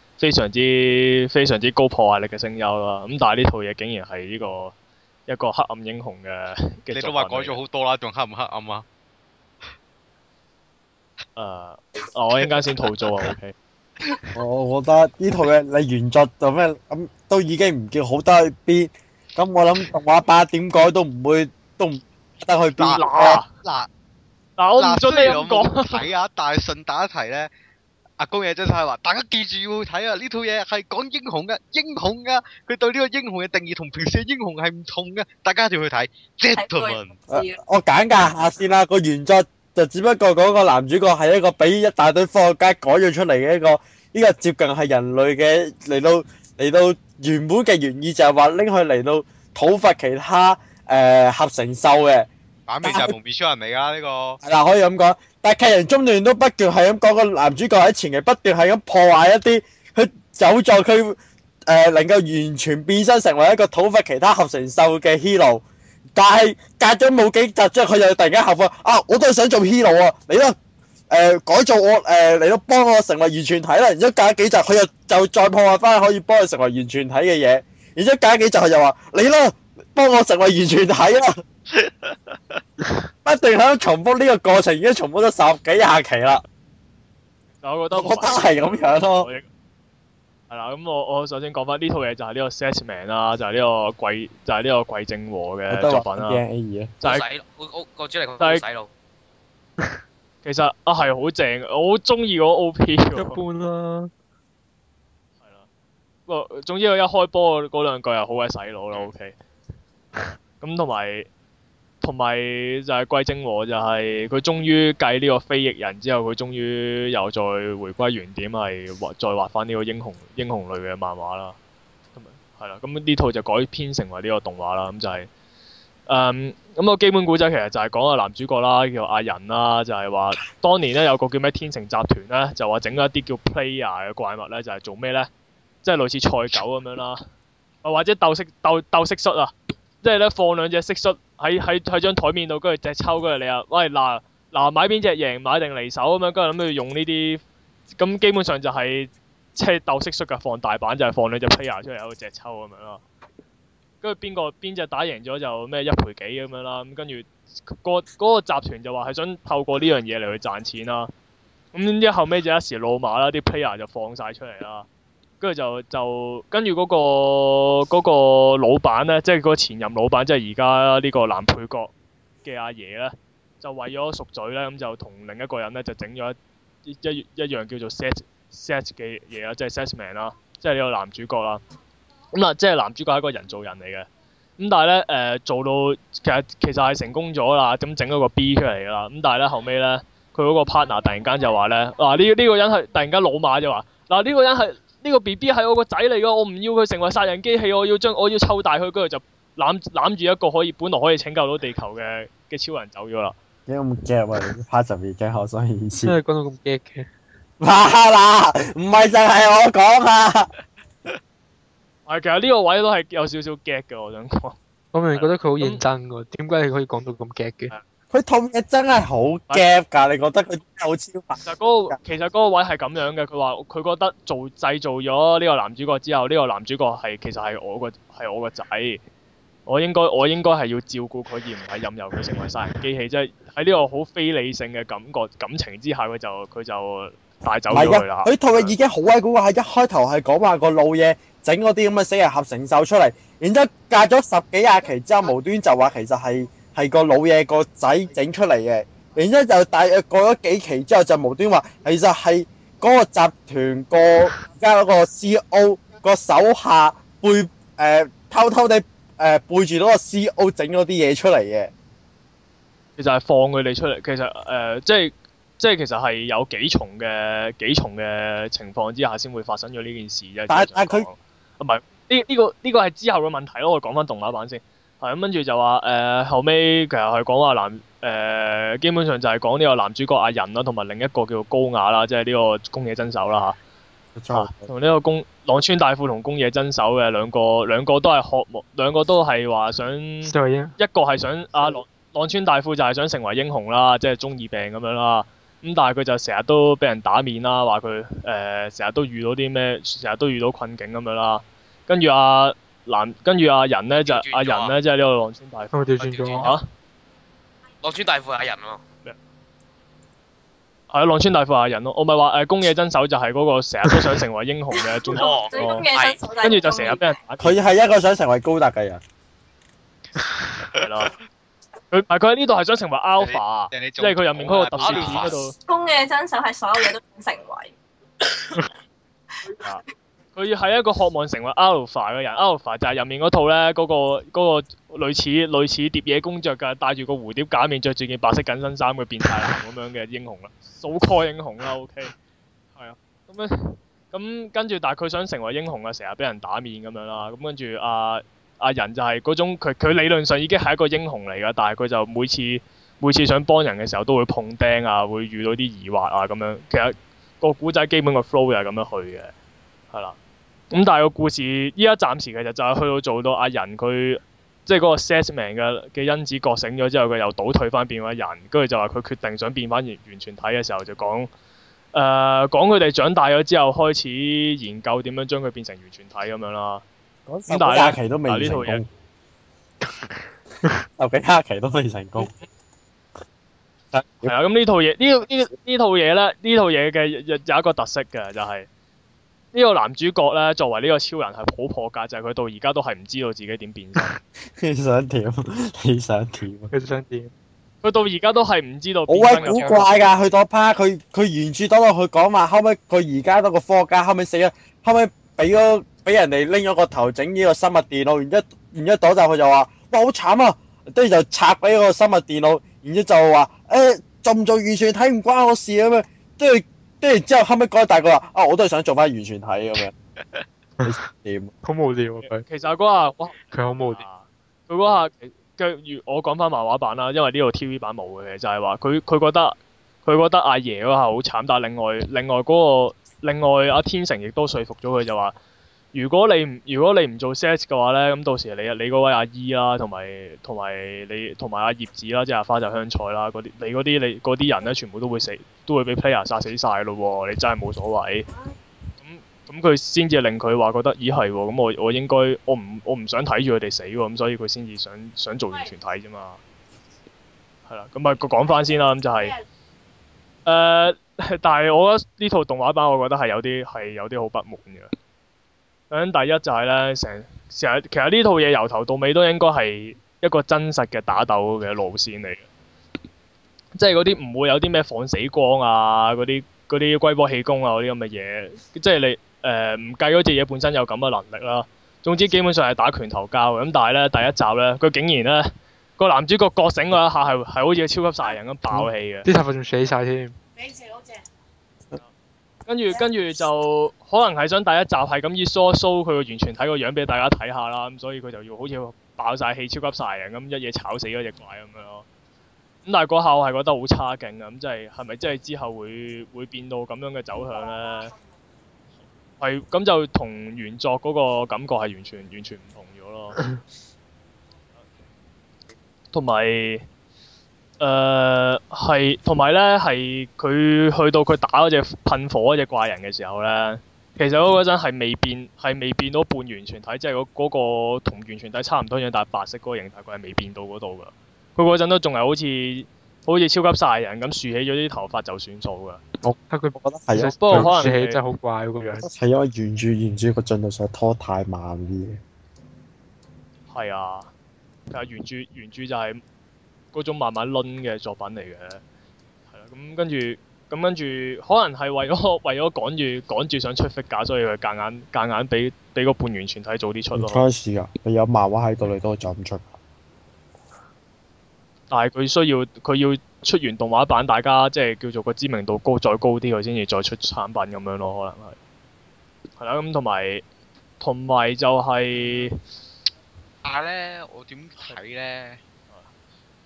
S1: 非常之非常之高破壞力嘅聲優啦，咁但係呢套嘢竟然係呢個一個黑暗英雄嘅，你都話改咗
S6: 好多啦，仲黑唔黑暗啊？誒，
S1: 我一陣間先吐槽啊，OK。我、 (laughs) uh,
S5: 我覺得呢套嘢你原作就咩咁都已經唔叫好得去邊，咁、嗯、我諗動畫版點改都唔會都唔得去邊啊。嗱嗱
S6: 我唔准你咁講。睇下大順打一提咧。阿高嘢真係話，大家記住要睇啊！呢套嘢係講英雄嘅，英雄噶，佢對呢個英雄嘅定義同平時嘅英雄係唔同噶，大家一定要去
S2: 睇。
S5: 我簡介下先啦，個原作就只不過嗰個男主角係一個俾一大堆科學家改咗出嚟嘅，一個，呢個接近係人類嘅嚟到，嚟到原本嘅原意就係話拎佢嚟到討伐其他誒合成獸嘅
S6: 反面就係《蒙面超人》嚟噶呢個。
S5: 係啦，可以咁講。但劇情中段都不斷係咁講，個男主角喺前期不斷係咁破壞一啲，佢走阻佢誒能夠完全變身成為一個討伐其他合成獸嘅 Hero。但係隔咗冇幾集之後，佢又突然間合化，啊我都係想做 Hero 啊！你咯，誒改造我誒，你、呃、都幫我成為完全體啦。然之後隔幾集佢又就再破壞翻可以幫佢成為完全體嘅嘢。然之後隔幾集佢又話：你咯。幫我成為完全體啦！不斷喺度重複呢個過程，已經重複咗十幾廿期啦。
S1: 但我覺得
S2: 我都係咁樣咯、啊嗯。
S1: 係啦，咁我我首先講翻呢套嘢就係呢個 set 名啦，就係呢個貴就係呢個貴正和嘅作品啊！就係、是就是、洗腦，O 個主力講就洗腦是。 (laughs) 其實啊，係好正，我好中意嗰個 O P 一般半啦、啊 (laughs) 嗯。係啦，不過總之佢一開波嗰兩句又好鬼洗腦啦！O K。Okay 咁同埋，同埋、嗯、就係桂正和，就係佢終於繼呢個飛翼人之後，佢終於又再回歸原點，係畫再畫翻呢個英雄英雄類嘅漫畫啦。咁係啦，咁呢套就改編成為呢個動畫啦。咁就係咁個基本古仔，其實就係講個男主角啦，叫阿仁啦。就係、是、話當年呢，有個叫咩天成集團呢，就話整一啲叫 player 嘅怪物呢，就係、是、做咩呢？即、就、係、是、類似賽狗咁樣啦，或者鬥蟋鬥鬥蟋蟀啊！即係咧放兩隻蟋蟀喺喺喺張台面度，跟住隻抽，跟住你話，喂嗱嗱買邊隻贏買定離手咁樣，跟住諗住用呢啲，咁基本上就係、是、即係、就是、鬥蟋蟀嘅放大版，就係、是、放兩隻 player 出嚟有隻抽咁樣咯，跟住邊個邊隻打贏咗就咩一賠幾咁樣啦，咁跟住個嗰、嗰個集團就話係想透過呢樣嘢嚟去賺錢啦，咁之後尾就一時老馬啦，啲 player 就放晒出嚟啦。跟住就就跟住嗰個嗰個老闆咧，即係嗰個前任老闆，即係而家呢個男配角嘅阿爺咧，就為咗贖罪咧，咁、嗯、就同另一個人咧就整咗一一一樣叫做 set set 嘅嘢啊，即係 set man 啦，即係呢個男主角啦。咁、嗯、啊，即係男主角係一個人造人嚟嘅。咁、嗯、但係咧誒做到其實其實係成功咗啦，咁整咗個 B 出嚟啦。咁、嗯、但係咧後尾咧，佢嗰個 partner 突然間就話咧嗱呢呢、啊這個這個人係突然間老馬就話嗱呢個人係。呢個 B B 係我個仔嚟㗎，我唔要佢成為殺人機器，我要將我要湊大佢，跟住就攬攬住一個可以本來可以拯救到地球嘅嘅超人走咗啦。
S5: 點解咁驚啊？你 ner, 怕特別驚，所意思。咩講到咁驚嘅？嗱嗱，唔係就係我講啊。
S1: 係，其實呢個位都係有少少驚嘅，我想講。我，
S7: 想我明明覺得佢好認真喎，點解 (laughs) 那你可以講到咁驚嘅？ (laughs) (laughs) 佢套嘢真係好 gap
S1: 㗎，的你覺得佢好超凡？其實嗰、那個、 (laughs) 其實嗰個位係咁樣嘅，佢話佢覺得做製造咗呢個男主角之後，呢、這個男主角係其實係我個係我個仔，我應該我應該係要照顧佢而唔係任由佢成為殺人機器。即係喺呢個好非理性嘅感覺感情之下，佢就佢就帶走咗佢啦。佢
S5: 套嘢已經好鬼古怪，的一開頭係講話個老嘢整嗰啲咁嘅死人合成獸出嚟，然之後隔咗十幾廿期之後無端端就話其實係。係個老嘢個仔整出嚟嘅，然之後就大約過咗幾期之後就無端話，其實係嗰個集團而家嗰個 CEO 個手下背誒、呃、偷偷地誒背住嗰個 CEO 整咗啲嘢出嚟
S1: 嘅。其實係放佢哋出嚟，呃、其實誒即係即係其實係有幾重嘅幾重嘅情況之下先會發生咗呢件事啫。但係佢唔係呢呢個呢、呢個係、呢個、之後嘅問題咯。我講翻動畫版先。係咁，跟住、嗯、就話誒、呃、後尾其實係講話男誒、呃，基本上就係講呢個男主角阿仁啦，同埋另一個叫高雅啦，即係呢個宮野真守啦嚇。啊！同呢個宮浪川大輔同宮野真守嘅兩個兩個都係渴望，兩個都係話想吧一個係想阿浪浪川大輔就係想成為英雄啦，即係中二病咁樣啦。咁、嗯、但係佢就成日都俾人打面啦，話佢誒成日都遇到啲咩，成日都遇到困境咁樣啦。跟住阿。藍跟住阿仁呢，就阿仁呢，即係呢個浪川大輔。我調轉咗吓。浪川
S3: 大輔係阿仁喎。
S1: 咩啊？係浪川大輔係阿仁咯，我咪話誒，宮野真守就係嗰個成日都想成為英雄嘅主角王咯。係，跟住就成日俾人打。佢
S5: 係一個想成為高達嘅人。
S1: 係咯。佢，係佢喺呢度係想成為 Alpha，即係佢入面嗰個特殊點嗰度。宮野真守係所有嘢都
S4: 想成為。
S1: 佢係一個渴望成為 Alpha 嘅人，Alpha 就係入面嗰套咧，嗰個嗰個類似類似疊嘢工作嘅，戴住個蝴蝶假面，着住件白色緊身衫嘅變態男咁樣嘅英雄啦， (laughs) so-called 英雄啦，OK，係 (laughs) 啊，咁咧，咁跟住但係佢想成為英雄啊，成日俾人打面咁樣啦，咁跟住阿阿仁就係嗰種佢佢理論上已經係一個英雄嚟噶，但係佢就每次每次想幫人嘅時候都會碰釘啊，會遇到啲疑惑啊咁樣，其實個古仔基本個 flow 就係咁樣去嘅。係啦，咁但係個故事依家暫時其實就係去到做到阿仁佢，即係嗰個 Sasman 嘅嘅因子覺醒咗之後，佢又倒退翻變為人，跟住就話佢決定想變翻完完全體嘅時候就講，誒、呃，講佢哋長大咗之後開始研究點樣將佢變成完全體咁樣啦。咁、哦、但暑是假期都未成功，
S5: 又幾假期
S2: 都未成功。
S1: 係 (laughs) 啊， (laughs) 咁呢套嘢呢？呢呢套嘢咧，呢套嘢嘅有有一個特色嘅就係、是。呢個男主角咧，作為呢個超人係好破格，就係、是、佢到而家都係唔知道自己點變。 (laughs)
S5: 你想點？你想點？佢想點？
S1: 佢到而家都係唔知道。好鬼古怪噶，
S5: 去到嗰 part，佢佢原處當落去講話，後尾，佢而家當個科學家，後尾死咗。後尾俾個俾人哋拎咗個頭整呢個生物電腦，然之後，然之後躲走，佢就話：哇，好慘啊！跟住就拆俾個生物電腦，然之後就話：誒、哎，做唔做完全睇唔關我事啊嘛！即係。即係之後，後尾嗰日大個話，啊我都係想做翻完全體咁樣，好無聊啊佢。
S1: 其實阿哥話：哇，
S5: 佢好無聊。
S1: 佢嗰下，跟住我講翻漫畫版啦，因為呢個 TV 版冇嘅，就係話佢佢覺得佢覺得阿爺嗰下好慘，但係另外另外嗰個另外阿天成亦都說服咗佢就話。如果你唔如果你唔做 set 嘅話呢，咁到時你啊你嗰位阿姨啦、啊，同埋同埋你同埋阿葉子啦、啊，即係花澤香菜啦啲，你嗰啲你啲人呢，全部都會死，都會俾 player 殺死晒咯、啊。你真係冇所謂。咁咁佢先至令佢話覺得，咦係喎，咁我我應該我唔我唔想睇住佢哋死喎，咁所以佢先至想想做完全體啫嘛。係啦，咁啊講翻先啦，咁就係、是呃、但係我覺得呢套動畫版，我覺得係有啲係有啲好不滿嘅。第一就係、是、咧，成成日其實呢套嘢由頭到尾都應該係一個真實嘅打鬥嘅路線嚟嘅，即係嗰啲唔會有啲咩放死光啊，嗰啲嗰啲龜波氣功啊嗰啲咁嘅嘢，即係你誒唔、呃、計嗰隻嘢本身有咁嘅能力啦。總之基本上係打拳頭交嘅，咁但係咧第一集咧，佢竟然咧、那個男主角覺醒嗰一下係係好似超級殺人咁爆氣嘅，啲頭
S7: 髮仲死晒添。
S1: 跟住跟住就可能係想第一集係咁以 show show 佢完全睇個樣俾大家睇下啦，咁所以佢就要好似爆晒氣、超級晒人咁一嘢炒死嗰隻怪
S2: 咁樣咯。咁
S1: 但係嗰下我係覺得好差勁啊！咁即係係咪即係之後會會變到咁樣嘅走向呢？係咁就同原作嗰個感覺係完全完全唔同咗咯。同埋。誒係，同埋咧係佢去到佢打嗰隻噴火嗰隻怪人嘅時候咧，其實我嗰陣係未變，係未變到半完全體，即係嗰個同完全體差唔多樣，但係白色嗰個形態佢係未變到嗰度噶。佢嗰陣都仲係好似好似超級晒人咁，豎起咗啲頭髮就算數噶。
S2: 我
S5: 覺得係啊，不過豎起真係好怪嗰個樣。係因為原著原著個進度上拖太慢啲。係啊，但
S1: 係原著原著就係、是。嗰種慢慢攣嘅作品嚟嘅，係啦。咁、嗯、跟住，咁、嗯、跟住，可能係為咗為咗趕住趕住想出 figure 架，所以佢夾硬，夾硬俾俾個半完
S5: 全體早啲出咯。關事噶，你有漫畫喺度，你都做唔出。嗯、
S1: 但係佢需要，佢要出完動畫版，大家即係叫做個知名度高再高啲，佢先至再出產品咁樣咯，可能係。係啦，咁同埋，同埋就係、是，
S6: 但係咧，我點睇咧？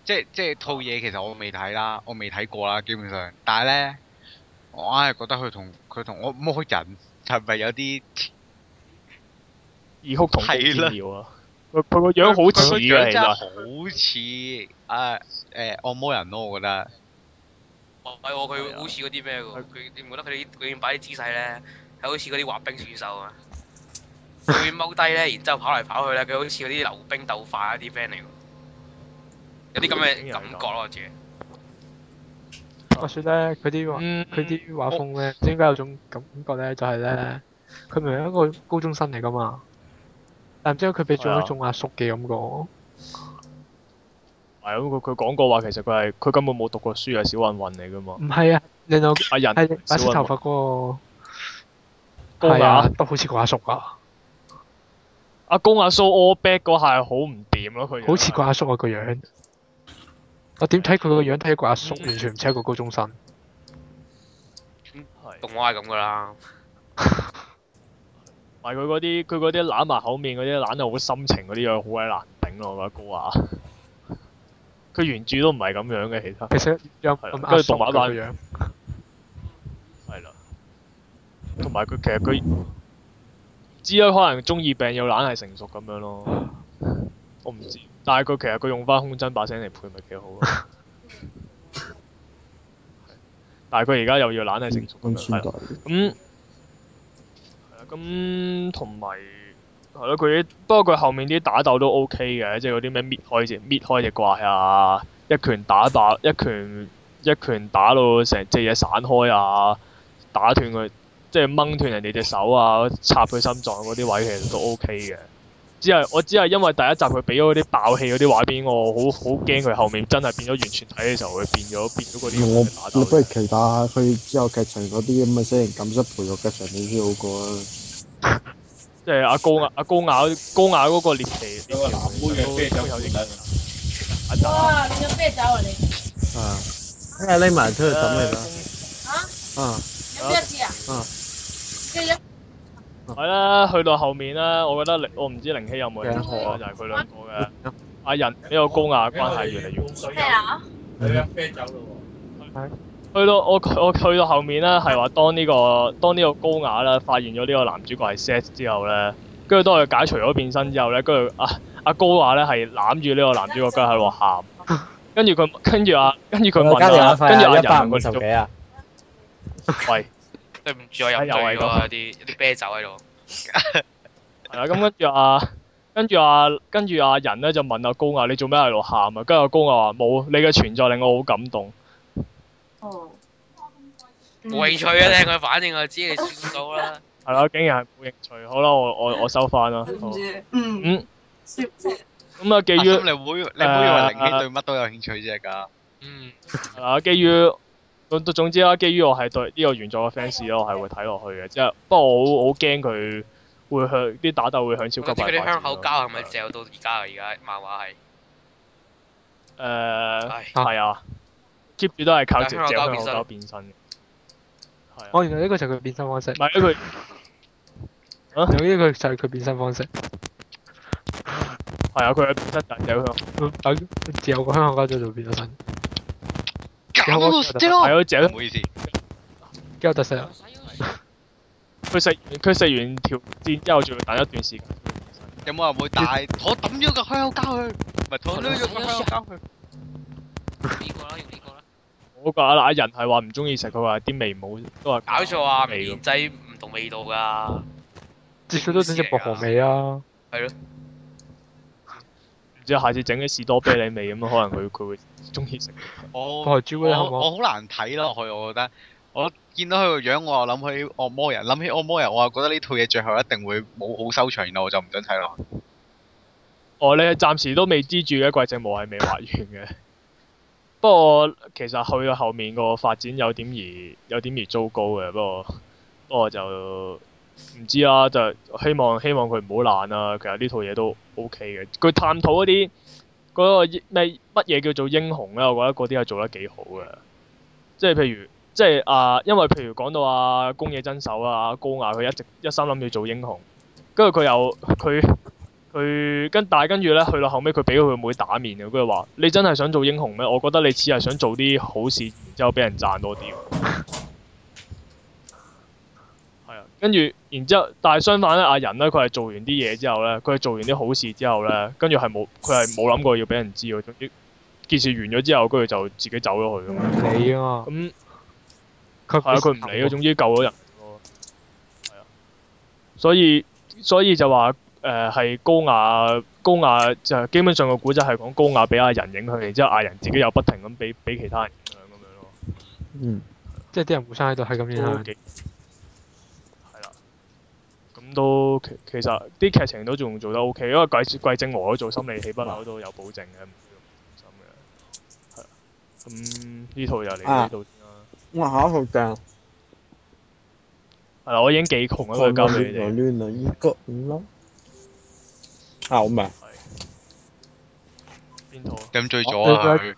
S6: 即即套嘢其實我未睇啦，我未睇過啦，基本上，但係咧，我硬係覺得佢同佢同我魔人係咪有啲
S1: 異曲同工？佢佢個樣好似啊，真係
S6: 好似啊誒，按摩人咯，我覺得。
S3: 唔係喎，佢好似嗰啲咩？佢你唔覺得佢哋佢擺啲姿勢咧，係好似嗰啲滑冰選手啊？佢踎低咧，然之後跑嚟跑去咧，佢好似嗰啲溜冰鬥快嗰啲 friend 嚟。
S7: 有啲咁嘅感覺咯，即係，我覺得佢啲畫，佢啲畫風咧，我點解有種感覺咧，就係、是、咧，佢明明一個高中生嚟噶嘛，但唔知佢俾咗一種阿叔嘅感覺。
S1: 係啊、哎呀，佢佢講過話，其實佢係，佢根本冇讀過書，係小混混嚟噶嘛。唔係啊，你有阿仁，阿仁頭髮高
S7: 啊，都好似個阿叔啊、so、back，啊個叔啊。
S1: 阿公阿叔 all back 嗰下好唔掂咯，佢好似
S7: 個阿叔啊，個樣。我點睇佢個樣，睇一個阿叔，完全唔似一個高中生。
S1: 動畫係咁噶啦，同埋佢嗰啲，佢嗰啲懶埋口面，嗰啲懶到好深情，嗰啲樣好鬼難頂咯，我阿哥話佢 (laughs) 原著都唔係咁樣嘅，其實。其實的的阿樣係啦。跟住動畫版。係啦。同埋佢其實佢，唔知啊，可能中二病又懶係成熟咁樣咯。我唔知。但係佢其實佢用翻空針把聲嚟配咪幾好？但係佢而家又要懶係成熟啦。咁、嗯，咁同埋係咯，佢不過佢後面啲打鬥都 OK 嘅，即係嗰啲咩搣開隻搣開隻怪啊，一拳打爆一拳一拳打到成隻嘢散開啊，打斷佢即係掹斷人哋隻手啊，插佢心臟嗰啲位其實都 OK 嘅。只係我只係，因為第一集佢俾咗啲爆氣嗰啲畫面，我好好驚佢後面真係變咗完全睇嘅時候會變咗變咗
S5: 嗰啲。我不如其他佢之後劇情嗰啲咁嘅新型感受培育嘅場你先好過啦、啊。
S1: 即係 (laughs) 阿高阿、嗯啊、高雅高雅嗰個獵奇。
S4: 哇、嗯！你有啤
S1: 酒啊你？啊。咩？你買咗啲咩啊？啊。有啤酒啊。啊。啊啊啊係啦，去到後面咧，我覺得我唔知靈希有冇嘢學啊，就係佢兩個嘅。阿仁呢個高雅嘅關係越嚟越少。
S5: 咩啊的？
S1: 你阿飛走嘞喎。的去到我我去到後面咧，係話當呢、呢個當呢個高雅咧發現咗呢個男主角係 set 之後咧，跟住當佢解除咗變身之後咧，跟住啊阿、啊、高雅咧係攬住呢個男主角跟喺度喊，跟住佢跟住阿跟住佢跟住阿仁。加廿塊一百五十幾啊？貴、啊。多 (laughs)
S3: 對唔住，我又又係，有啲有
S1: 啲啤酒喺度。係啊，咁跟住阿，跟住阿，跟住阿人咧就問阿高啊，你做咩喺度喊啊？跟住阿高啊話，冇，你嘅存在令我好感動。
S2: 冇興趣啊！你
S3: 我反正我知你笑
S1: 到啦。係啦，竟然係冇興趣，好啦，我我我收翻啦。唔知，嗯。小姐。咁啊，基於。咁你會你會以為你對乜都有興趣啫，噶。嗯。係啦，基於。都總之啦，基於我係對呢個原作嘅 fans 咯，我係會睇落去嘅。即係不過我好我驚佢會向啲打鬥，會向超級快。佢啲香口
S3: 膠係咪嚼到而家，呃哎、啊？而家漫畫係。
S1: 誒，係啊，keep 住都係靠嚼香口膠變身。哦，原
S7: 來呢個就係佢變身方式。唔係呢個。啊。呢、哦、個就係佢變身方式。係啊，佢係變身大招咯。等嚼 (laughs) 個香口膠就做變咗身。
S2: 有個，係嗰隻咯，唔好
S1: 意思，幾有特色啊！佢食佢食完挑戰之後，仲要等一段時間有。有冇人會帶我抌咗
S6: 個香口膠去？唔係咗呢個香口膠去。
S1: 呢個啦，用呢個啦。我架啦，那個、人仁係話唔中意食，佢話啲味唔好，都話
S3: 搞錯啊！甜製唔同味道㗎。
S1: 至少都整隻薄荷味啊！係咯。唔知下次整啲士多啤梨味咁啊？可能佢佢會中意食。
S6: 我我我好難睇咯，去我覺得我見到佢個樣，我又諗起惡魔人，諗起惡魔人，我又覺得呢套嘢最後一定會冇好收場，然後我就唔
S2: 想睇咯。
S1: 哦，你暫時都未知住嘅，季正模係未畫完嘅。 (laughs) 不過其實去到後面個發展有點而有點而糟糕嘅，不過我不過就唔知啦，啊。就希望希望佢唔好爛啦。其實呢套嘢都 OK 嘅，佢探討一啲。嗰個咩乜嘢叫做英雄呢？我覺得嗰啲係做得幾好嘅，即係譬如即係啊、呃，因為譬如講到啊，宮野真守啊，高雅佢一直一心諗住做英雄，跟住佢又佢佢跟但係跟住呢，去到後尾，佢俾佢妹打面佢跟，話你真係想做英雄咩？我覺得你似係想做啲好事，然之後俾人讚多啲。
S2: 係 (laughs) 啊，
S1: 跟住。然之後，但係相反咧，阿仁咧，佢係做完啲嘢之後咧，佢係做完啲好事之後咧，跟住係冇，佢係冇諗過要俾人知喎。總之件事完咗之後，跟住就自己走咗去咁樣。唔理啊嘛。咁係佢唔理咯。總之救咗人咯。係、嗯、啊、嗯。所以所以就話誒係高雅高雅就係、係、基本上個古仔係講高雅俾阿仁影響，然之後阿仁自己又不停咁俾俾其他人影響咁樣咯。
S2: 嗯。
S7: 即係啲人互相喺度係咁影
S1: 響。咁都其其實啲劇情都仲做得 OK，因為季季正娥做心理起不嬲都有保證嘅，唔需要擔心嘅。係啊，咁呢套又嚟呢度
S5: 先啦。我下一套嘅
S1: 係啦，我已經幾窮啦，去交俾你哋。亂
S5: 啊亂啊，依谷五碌啊，唔係
S1: 邊套？飲醉咗啊佢，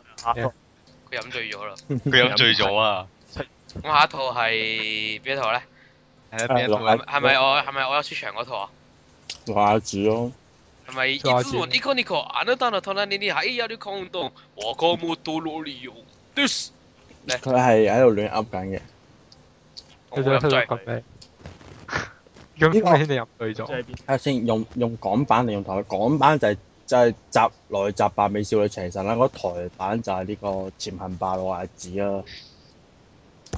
S3: 佢飲醉咗啦，佢飲醉咗啊。我下一套係邊一套咧？係咪我係咪我有出場嗰套啊？話子咯，係咪？一有啲空洞，我可沒多羅利用
S5: 佢係喺度亂噏緊嘅，佢就再。呢個先入隊咗。啊，先用用港版嚟，用台版？港版就係就係襲來集百美少女邪神啦，嗰台版就係呢個潛行吧奈亞子啦。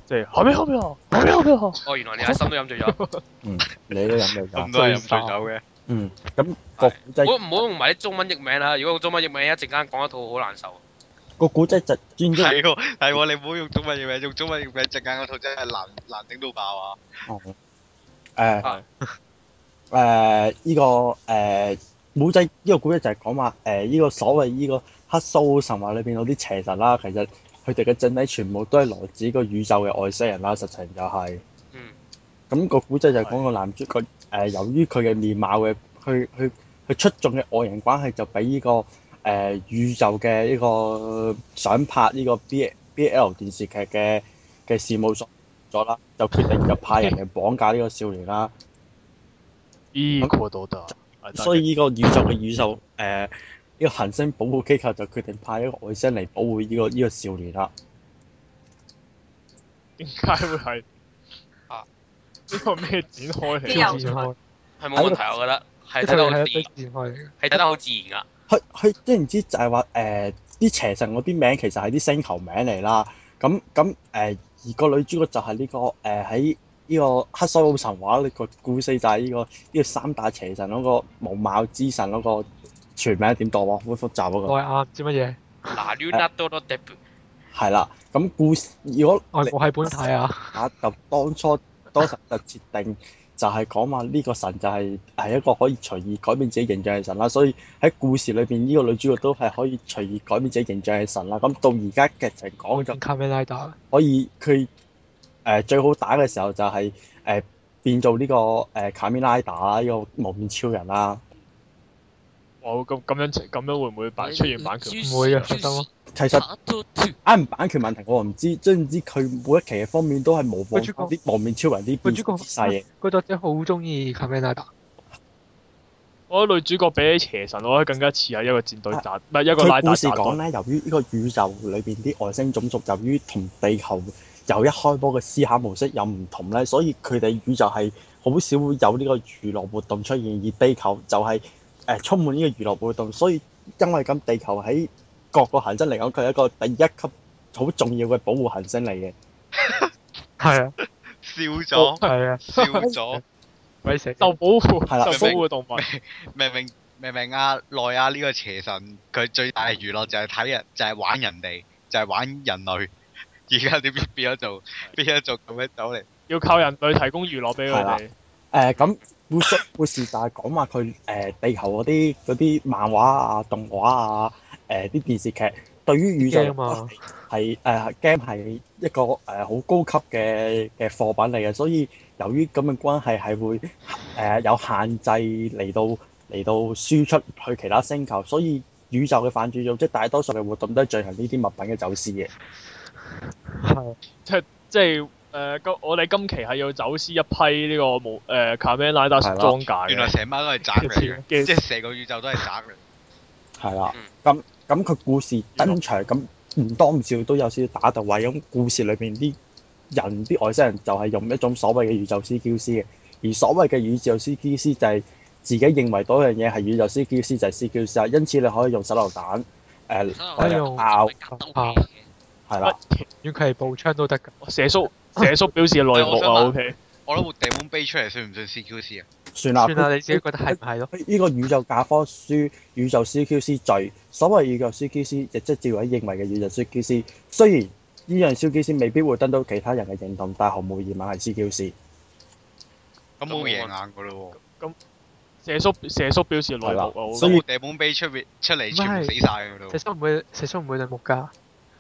S5: 即係後邊
S2: 後邊哦，後邊後邊哦。原來你喺心都飲醉
S5: 咗。嗯，你都飲醉酒，我都係飲醉酒嘅。嗯，咁古，如果
S3: 唔好用埋啲中文譯名啦。如果用中文譯名，一陣間講一套好難受，啊。
S5: 個古仔就專注係
S3: 喎，係喎， (laughs) 哦哦。你唔好用中文譯名，用中文譯名一陣間個套真係難難
S6: 頂到爆啊。
S5: 哦，誒誒，呢個誒古仔呢個古仔就係講話誒呢個所謂呢個黑蘇神話裏邊有啲邪神啦，其實。佢哋嘅整體全部都係來自個宇宙嘅外星人啦，實情就係、是。嗯。咁個古仔就講個男主角誒、呃，由於佢嘅面貌嘅，佢佢佢出眾嘅外型關係就、這個，就俾呢個誒宇宙嘅呢個想拍呢個 BL BL 電視劇嘅嘅事務所咗啦，就決定就派人嚟綁架呢個少年啦。嗯，過到得。嗯、所以呢個宇宙嘅宇宙誒。呃呢個行星保護機構就決定派一個外星人嚟保護呢、這個呢、這個少年啦。
S1: 點解會係
S2: 啊？呢個咩展開嚟？展開係冇問題對，我覺得係睇得好自，自，自然，係睇得好自然噶。
S5: 係係，即係唔知就係話誒啲邪神嗰啲名其實係啲星球名嚟啦。咁咁誒，而個女主角就係呢、這個誒喺呢個克蘇魯神話呢個故事就係呢、這個呢、這個三大邪神嗰個無貌之神嗰、那個。全名點讀喎？好複雜嗰個。我
S7: 知乜嘢？嗱，You
S3: not g o n n p
S5: 係啦，咁故事如果我我喺本睇啊。啊，就當初當時就設定就係、是、講話呢個神就係、是、係一個可以隨意改變自己形象嘅神啦，所以喺故事裏邊呢個女主角都係可以隨意改變自己形象嘅神啦。咁到而家劇情講咗。卡米拉達。可以，佢誒、呃、最好打嘅時候就係、是、誒、呃、變做呢、這個誒、呃、卡米拉達呢個蒙面超人啦。呃
S1: 我咁咁樣，咁樣會唔會版出現版權？唔會啊，
S5: 得咯嗎。其實，唉，版權問題我唔知，只唔知佢每一期嘅方面都係無方啲蒙面超人啲變曬嘢。
S7: 個作者好中意 c a 我覺
S1: 得女主角比起邪神，我覺得更加似啊一個戰隊扎，唔、啊啊、一個拉打扎。佢故事講咧，
S5: 由於呢個宇宙裏邊啲外星種族，由於同地球由一開波嘅思考模式有唔同咧，所以佢哋宇宙係好少會有呢個娛樂活動出現，而地球就係、是。誒，充滿呢個娛樂活動，所以因為咁，地球喺各個行星嚟講，佢係一個第一級好重要嘅保護行星嚟嘅。
S2: 係啊，
S6: 笑咗，係
S5: 啊，笑咗，鬼死就保護，係啦，就保護
S6: 動物。明明明明阿內亞，呢個邪神佢最大嘅娛樂就係睇人，就係玩人哋，就係玩人類。而家點變咗做變咗做咁樣走嚟？
S1: 要靠人類提供娛樂俾佢哋。
S5: 誒咁。會事說說，但係講話佢誒地球嗰啲嗰啲漫畫啊、動畫啊、誒、呃、啲電視劇，對於宇宙嘛，係誒 game 係一個誒好、呃、高級嘅嘅貨品嚟嘅，所以由於咁嘅關係係會誒、呃、有限制嚟到嚟到輸出去其他星球，所以宇宙嘅反轉組織大多數嘅活動都係進行呢啲物品嘅走私嘅。係、呃、
S1: 即即。誒，今、uh，我哋今期係要走私一批呢、這個無誒、呃、卡曼拉達裝甲，原來成班都係宅嚟，即係成個宇宙都係宅
S5: 嘅。係啦，咁咁佢故事登場咁唔多唔少都有少少打鬥位，咁故事裏邊啲人啲外星人就係用一種所謂嘅宇宙 C Q C 嘅，而所謂嘅宇宙 C Q C 就係自己認為嗰樣嘢係宇宙 C Q C 就係 C Q C，因此你可以用手榴彈，誒、啊，可以用炮
S1: 炮，係啦、啊，佢距步槍都得噶射速。蛇叔表示內幕啊，OK。
S7: 我
S6: 都掟碗杯出嚟，算唔算 CQC 啊？算啦，算啦，你自己覺得係唔係
S5: 咯？呢個宇宙假科書，宇宙 CQC 罪，所謂宇宙 CQC，亦即係自己認為嘅宇宙 CQC。雖然呢樣 CQC 未必會得到其他人嘅認同，但毫無疑問係 CQC。咁冇贏
S1: 硬噶咯咁蛇叔，蛇叔
S6: 表示內幕啊！Okay、所以掟碗杯出出嚟，死曬嗰度。蛇
S7: 叔唔會，蛇叔唔會掟木架。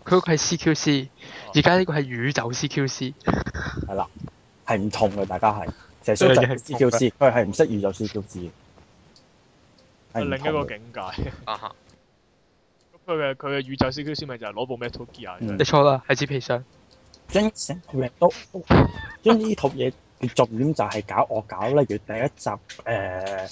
S7: 佢嗰個係 CQC，而家呢個係宇宙 CQC，啊。係啦 (laughs) ，
S5: 係唔同嘅，大家係謝書澤 CQC，佢係唔識宇宙 CQC 嘅。係 (laughs) 另一個境
S1: 界。啊哈！ (laughs) 佢嘅佢嘅宇宙 CQC 咪就係攞部咩 Tokyo？嗯、你
S5: 錯啦，係紙皮箱。將成 (laughs) 套嘢將呢套嘢嘅重點就係搞惡搞咧，例如第一集誒誒、呃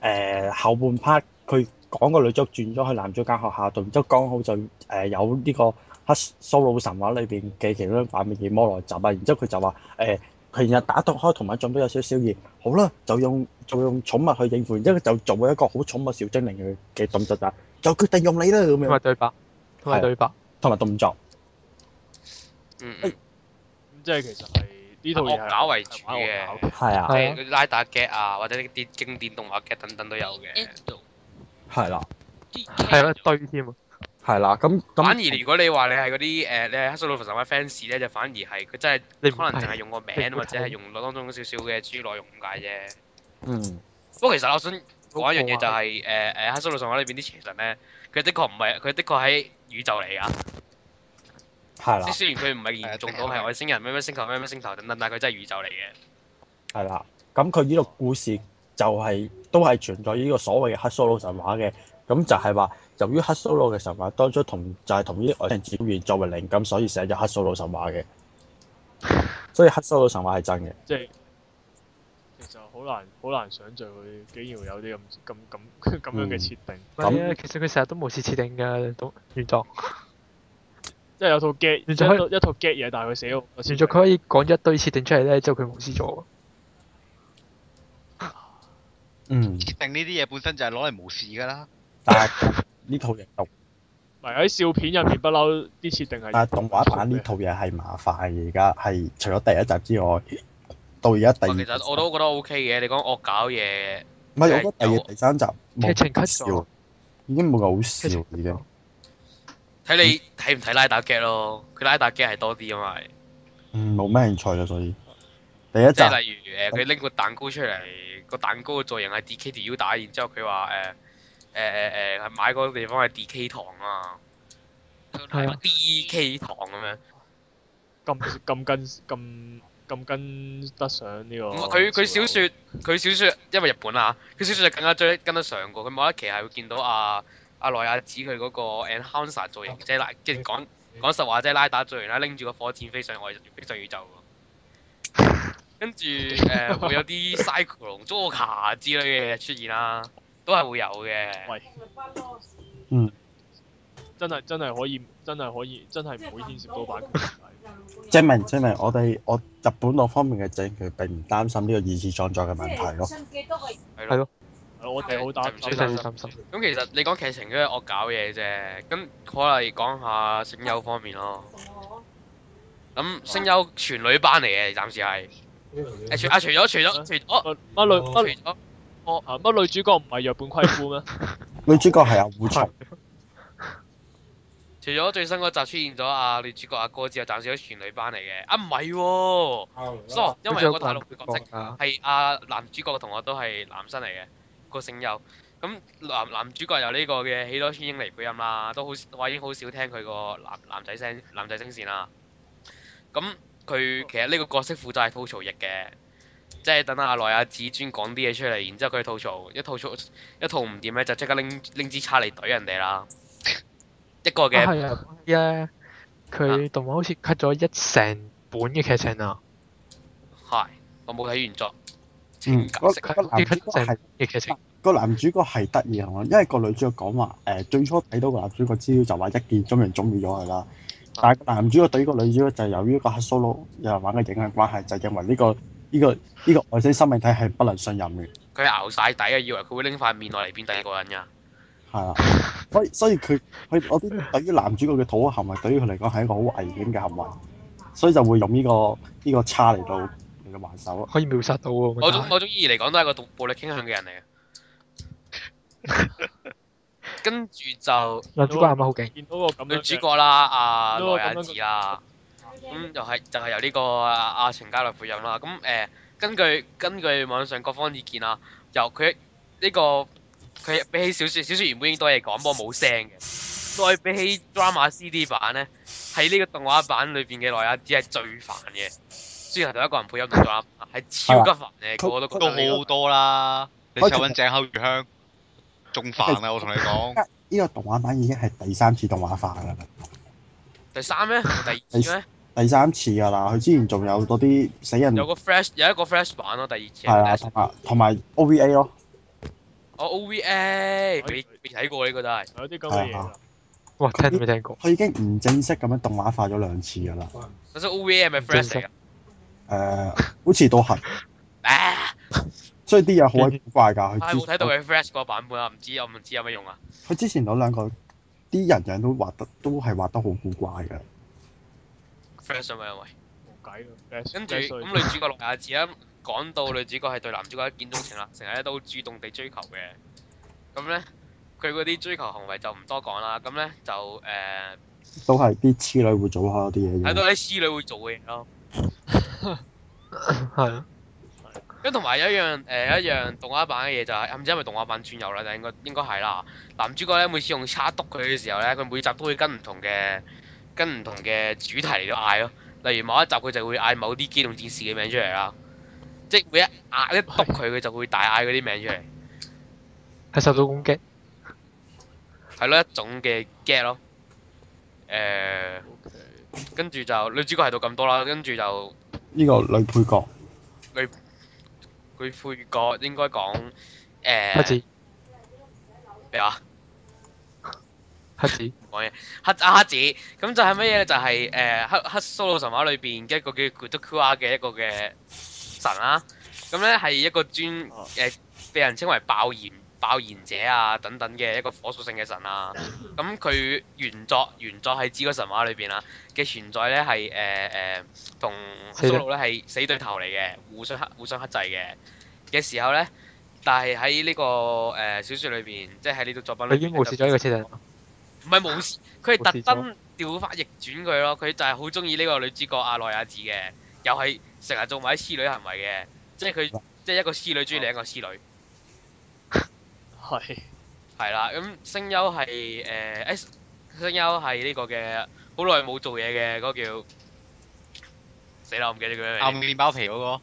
S5: 呃呃、後半 part 佢。講個女將轉咗去男將間學校度，然之後剛好就誒有呢個《黑蘇魯神話》裏邊嘅其中一版嘅魔羅集啊，然之後佢就話誒平日打鬥開同埋做都有少少嘢，好啦，就用就用寵物去應付，然之後就做一個好寵物小精靈嘅動作就決定用你啦咁樣。同埋對白，同埋對白，同埋動作。嗯。咁
S1: 即係其實係呢套嘢
S3: 係惡搞為主嘅，係啊，即係拉打 gag 啊，或者一啲經典動畫 gag 等等都有嘅。
S5: 係啦，係咯堆添，係啦。咁反而如果
S3: 你話你係嗰啲誒，你係克蘇魯神話 fans 咧，就反而係佢真係你可能淨係用個名或者係用當中少少嘅主要內容咁解啫。嗯。不過其實我想講一樣嘢就係誒誒，克蘇魯神話裏邊啲邪神咧，佢的確唔係，佢的確喺宇宙嚟噶。
S5: 係啦了。即雖
S3: 然佢唔係嚴重到係外星人咩咩星球咩咩星球等等，但係佢真係宇
S5: 宙嚟嘅。係啦，咁佢呢個故事。就係、是、都係存在呢個所謂嘅黑蘇佬神話嘅，咁就係話由於黑蘇佬嘅神話當初同就係、是、同呢啲外星人出現作為靈感，所以寫咗黑蘇佬神話嘅，所以黑蘇佬神話係真嘅。
S1: 即係、嗯、其實好難好難想像佢竟然會有啲咁咁咁
S7: 咁樣嘅設定。咁、嗯啊、其實佢成日都無視設定㗎，原作
S1: 即係有套劇，原作一套劇嘢，但係佢寫原作佢可
S7: 以講一堆設定出嚟咧，就佢無視咗。
S1: 嗯，設定呢啲嘢本身就係攞嚟無事噶啦。但係呢套嘢唔係喺笑片入面不嬲啲設定係。但
S5: 係動畫版呢套嘢係麻煩嘅，而家係除咗第一集之外，到而家第二集。其實我都
S3: 覺得 OK 嘅，你講惡搞嘢。唔係，我覺得
S5: 第二、第三集劇情 cut 已經冇咁好笑而家。
S3: 睇你睇唔睇拉打劇咯？佢拉打劇係多啲啊嘛。嗯，
S5: 冇咩興趣啦，所以。
S2: 即係例如，誒、
S3: 呃，佢拎個蛋糕出嚟，個蛋糕嘅造型係 D.K.D.U 打，然之後佢話，誒、呃，誒，誒，誒，買嗰個地方係 D.K. 堂啊，係啊，D.K. 糖咁、
S2: 嗯、樣，
S1: 咁咁跟，咁咁跟、跟得上呢、這個。佢佢
S3: 小說，佢小說因為日本啊，佢小說就更加追跟得上過。佢某一期係會見到阿、啊、阿、啊、奈亞子佢嗰個 Enhancer 造型，即係拉，即係、就是、講講實話，即係拉打造型啦，拎住個火箭飛上外，飛上宇宙。跟住誒會有啲サイクロンジョーカ之類嘅出現啦，
S1: 都係會有嘅。嗯，真係真係可以，真係可以，真係唔會牽涉到版
S5: 權。證明證明，我哋我日本嗰方面嘅證，佢並唔擔心呢個二次創作嘅問題咯。係咯，我哋好擔
S3: 心。咁其實你講劇情都係惡搞嘢啫，咁可能講下聲優方面咯。咁聲優全女班嚟嘅，暫時係。
S1: 誒，除啊除咗除咗除咗乜女乜除咗哦啊乜女主角唔係日本
S5: 虧夫咩？女主角係有護長。
S1: 除咗最新
S3: 嗰集出現咗啊女主角啊哥之後，暫時都係全女班嚟嘅。啊唔係喎，so 因為有個大陸
S2: 嘅
S3: 角色係啊男主角嘅同學都係男生嚟嘅，個聲優又咁男男主角又呢個嘅，喜多川英梨配音啦，都好我已經好少聽佢個男男仔聲男仔聲線啦。咁佢其實呢個角色負責係吐槽役嘅，即係等阿來阿紫尊講啲嘢出嚟，然之後佢吐槽，一套出一套唔掂咧，就即刻拎拎支叉嚟懟人哋啦。一個嘅。
S2: 係啊，
S7: 佢動畫好似 cut 咗一成本嘅劇情啊。
S3: 係，我冇睇原作。嗯，個男主角係劇情。
S5: 個男主角係得意啊，因為個女主角講話誒，最初睇到個男主角資料就話一見中人中意咗佢啦。但係男主角對呢個女主角就由於一個黑 s 佬有人玩嘅影響關係，就認、是、為呢、呢個呢、呢個呢、呢個外星生命體係不能信任嘅。
S3: 佢熬晒底啊！以為佢會拎塊面落嚟
S2: 變第二個人㗎。
S5: 係啊，所以所以佢佢我啲對於男主角嘅討好行為，對於佢嚟講係一個好危險嘅行為，所以就會用呢、呢個呢、呢個叉嚟到嚟到還手。可以秒殺到喎。
S3: 我種意義嚟講都係個讀暴力傾向嘅人嚟嘅。 (laughs) 跟住就女主角係咪好勁？見到個咁女主角啦，阿、啊、奈、啊、亞子、嗯就是、啊，咁就係，就係由呢個阿程嘉洛配音啦。咁、嗯、誒、欸，根據根據網上各方意見啊，由佢呢、這個佢比起小説小説原本已經多嘢講，不過冇聲嘅。再比起 Drama CD 版咧，喺呢個動畫版裏邊嘅奈亞子係最煩嘅，雖然係同一個人配音，但係係
S6: 超級煩嘅，我嗎都覺得都。都好
S3: 多啦，
S6: 你再揾井口裕香。啊啊啊啊仲煩啊！
S5: 我同你講，呢個動畫版已經係第三次動畫化噶啦。
S3: 第三次咩？第
S5: 第咩？第三次噶啦，佢之前仲有嗰啲死人，有個
S3: flash，有一個 flash 版咯。第二次係啦，同
S5: 埋同埋 OVA 咯。
S3: 哦 OVA，未未睇過呢個真係，有啲咁嘅
S5: 嘢。哇，聽都未聽過？佢已經唔正式咁樣動畫化咗兩次噶啦。嗰隻 OVA 係咪 flash 嚟噶？誒，好似都係。所以啲嘢好鬼古怪噶，係冇睇
S3: 到佢 fresh 嗰版本啊，唔知有唔知有咩用啊。
S5: 佢之前有兩個啲人人都畫得都係畫得好古怪嘅。fresh 咪有
S3: 位，冇計咯。跟住咁女主角六廿字啊，講到女主角係對男主角一見鍾情啦，成日都主動地追求嘅。咁咧，佢嗰啲追求行為就唔多講啦。咁咧就誒，呃、
S2: 都
S5: 係啲痴女會做下啲嘢。睇到啲
S3: 痴女會做嘅，係
S5: 咯。
S3: 咁同埋有一樣誒、呃，一樣動畫版嘅嘢就係唔知係咪動畫版轉遊啦，但係應該應該係啦。男主角咧每次用叉篤佢嘅時候咧，佢每集都會跟唔同嘅跟唔同嘅主題嚟到嗌咯。例如某一集佢就會嗌某啲機動戰士嘅名出嚟啦，即係每一嗌一篤佢，佢係就會大嗌嗰啲名出嚟。
S7: 係受到攻擊？
S3: 係咯，一種嘅 get 咯。誒、呃，Okay. 跟住就女主角係到咁多啦。跟住就
S5: 呢個女配角。
S3: 女。佢灰哥應該講誒、呃、黑子，咩話、
S7: 啊、黑子講
S3: 嘢 (laughs) 黑啊，黑子咁就係乜嘢咧？就係、是、誒、呃、黑黑蘇魯神話裏邊嘅一個叫 Goodqua 嘅一個嘅神啦、啊。咁咧係一個專誒、呃、被人稱為爆炎。爆炎者啊，等等嘅一個火屬性嘅神啊，咁、嗯、佢原作原作喺《諸葛神話裡面、啊》裏邊啊嘅存在咧係誒誒同克蘇魯咧係死對頭嚟嘅，互相克互相剋制嘅嘅時候咧，但係喺呢個誒、呃、小説裏邊即係呢套作品裡，佢已經冇視咗呢個設定，唔係冇視，佢係特登調翻逆轉佢咯，佢就係好中意呢個女主角阿奈亞子嘅，又係成日做埋啲師女行為嘅，即係佢即係一個師女中意另一個師女。
S1: 係，
S3: 係啦是。咁聲優係誒，聲優係呢個嘅，好耐冇做嘢嘅嗰個叫，死啦！我唔記得叫咩名。阿面、啊、包皮嗰、嗰個，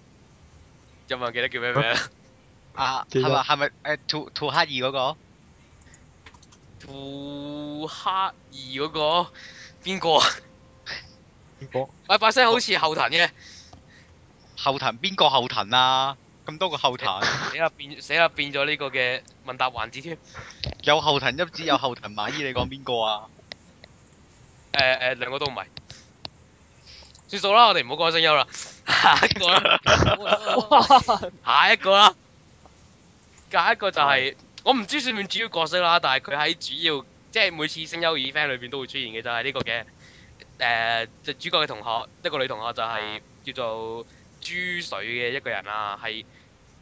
S3: 有冇人記得叫咩名
S6: 啊係咪係咪？啊，係咪係咪誒？兔兔黑二嗰個，
S3: 兔黑二嗰個邊個？邊個？啊把聲好似後藤嘅，後藤邊
S6: 個後藤啊？咁多個後藤，
S3: 寫下變，寫下變咗呢個嘅問答環節添。有後藤一子，有後藤馬依，你講邊個啊？誒誒，兩個都唔係，算數啦，我哋唔好講聲優啦。下一
S1: 個，
S3: 下一個啦。下一個就係我唔知算唔算主要角色啦，但係佢喺主要即係每次聲優 event 裏邊都會出現嘅就係呢個嘅。誒，就主角嘅同學，一個女同學就係叫做。珠水嘅一個人啦，係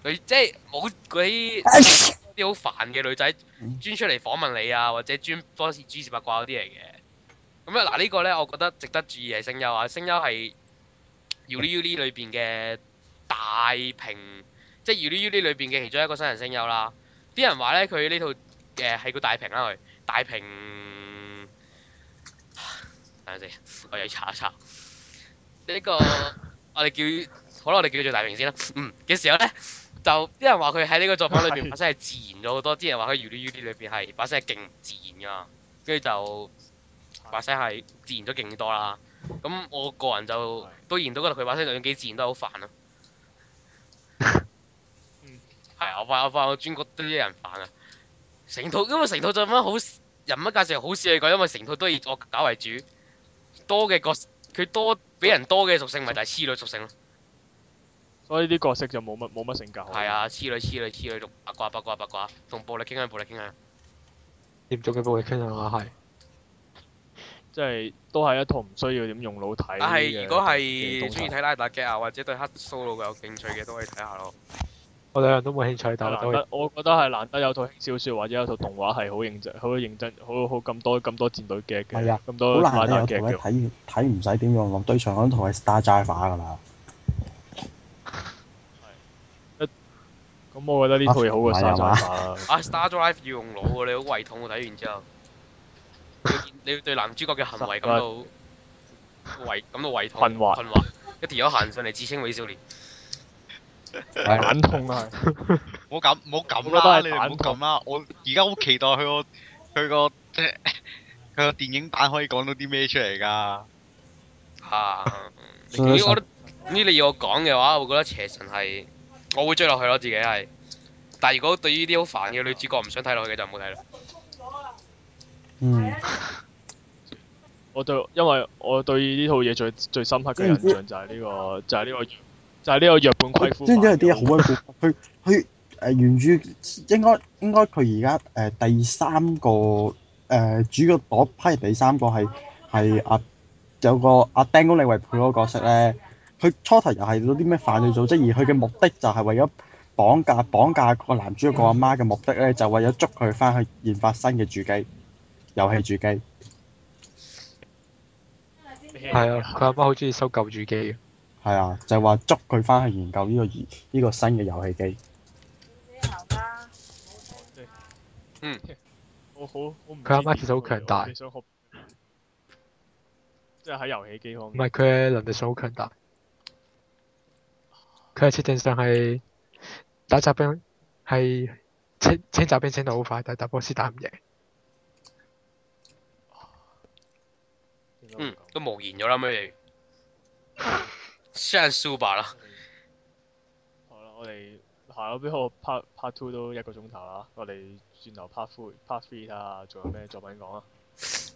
S3: 佢即係冇嗰啲啲好煩嘅女仔，專出嚟訪問你啊，或者專幫時諸事八卦嗰啲嚟嘅。咁啊，嗱，呢個咧，我覺得值得注意係聲優啊，聲優係《YuYuYu》裏邊嘅大平，即係《YuYuYu》裏邊嘅其中一個新人聲優啦。啲人話咧，佢呢套誒係個大平啦佢，大平。等陣先，我又要查一查呢個，我哋叫。好啦，我哋叫佢做大明星啦，嗯嘅時候咧就啲人話佢喺呢個作品裏邊把聲係自然咗好多，啲人話佢《如你於里裏邊係把聲係勁自然噶，跟住就把聲係自然咗勁多啦。咁我個人就 (laughs) 都認到，覺得佢把聲就算幾自然都好煩咯。 (laughs) 嗯，係啊，我發我發，我專講啲人煩啊。成套因為成套作品好，好人物介紹好少嘅，講因為成套都以惡搞為主，多嘅個佢多俾人多嘅屬性咪就係痴女屬性咯。
S1: 我呢啲角色就冇乜冇乜性格。
S3: 係啊，黐女黐女黐女，八卦八卦八卦，同暴力傾下暴力
S1: 傾下，
S7: 嚴重嘅暴力傾下係。
S1: 即係都係一套唔需要點用腦睇。但係如果係中意睇拉打機啊，或者對黑蘇魯有
S3: 興趣嘅，都可以睇
S2: 下
S1: 咯。我兩人都冇興趣，睇。我覺得係難得有套小說或者有套動畫係好認真、好認真、好好咁多咁多戰隊機嘅，咁多拉打機嘅。好難
S5: 睇，睇唔使點用腦，對場嗰套係 Starjaver 㗎喇。
S1: 咁我覺得呢套嘢好過《Star Drive》啊，《Star Drive》
S3: 要用腦喎，你好胃痛喎睇完之後，你要對男主角嘅行為感到胃感到胃痛，困惑困惑，一條友行上嚟自稱美少年，
S6: 眼
S1: 痛啊！唔好
S3: 咁唔好咁啦，你唔好咁啦，我而
S6: 家好期待佢個佢個即係佢個電影版可以講到啲咩出嚟㗎？
S3: 嚇！如果呢你要我講嘅話，我覺得邪神係。我會追落去咯，自己係。但係如果對依啲好煩嘅女主角唔想睇落去嘅就唔好睇啦。嗯。
S1: (laughs) 我對，因為我對呢套嘢最最深刻嘅印象就係呢個,就個,就個，就係呢個，就係呢個日
S2: 本規夫。真真係啲好鬼苦。
S5: 佢佢誒原著應該應該佢而家誒第三個誒、呃、主角嗰批第三個係係阿有個阿丁公你維配嗰個角色咧。佢初頭又係攞啲咩犯罪組織，而佢嘅目的就係為咗綁架綁架個男主角個阿媽嘅目的咧，就是，為咗捉佢翻去研發新嘅主機遊戲主機。
S2: 係
S5: 啊，佢阿媽好中意收舊主機嘅。係啊，就係話捉佢翻去研究呢個呢個新嘅遊戲機。嗯，
S1: 我好我唔。佢阿媽，媽其實好強大。即係喺遊戲機方面。唔
S7: 係佢嘅能力上好強大。佢係設定上係打雜兵，係清清雜兵清得好快，但係打波 o 打唔贏。
S3: 嗯，都無言咗啦，咩？Shansuba 啦。
S1: 好啦，我哋下到邊個 part part two 都一個鐘頭啦，我哋轉頭
S2: part three part three 睇下仲有咩作品講啊！ (laughs)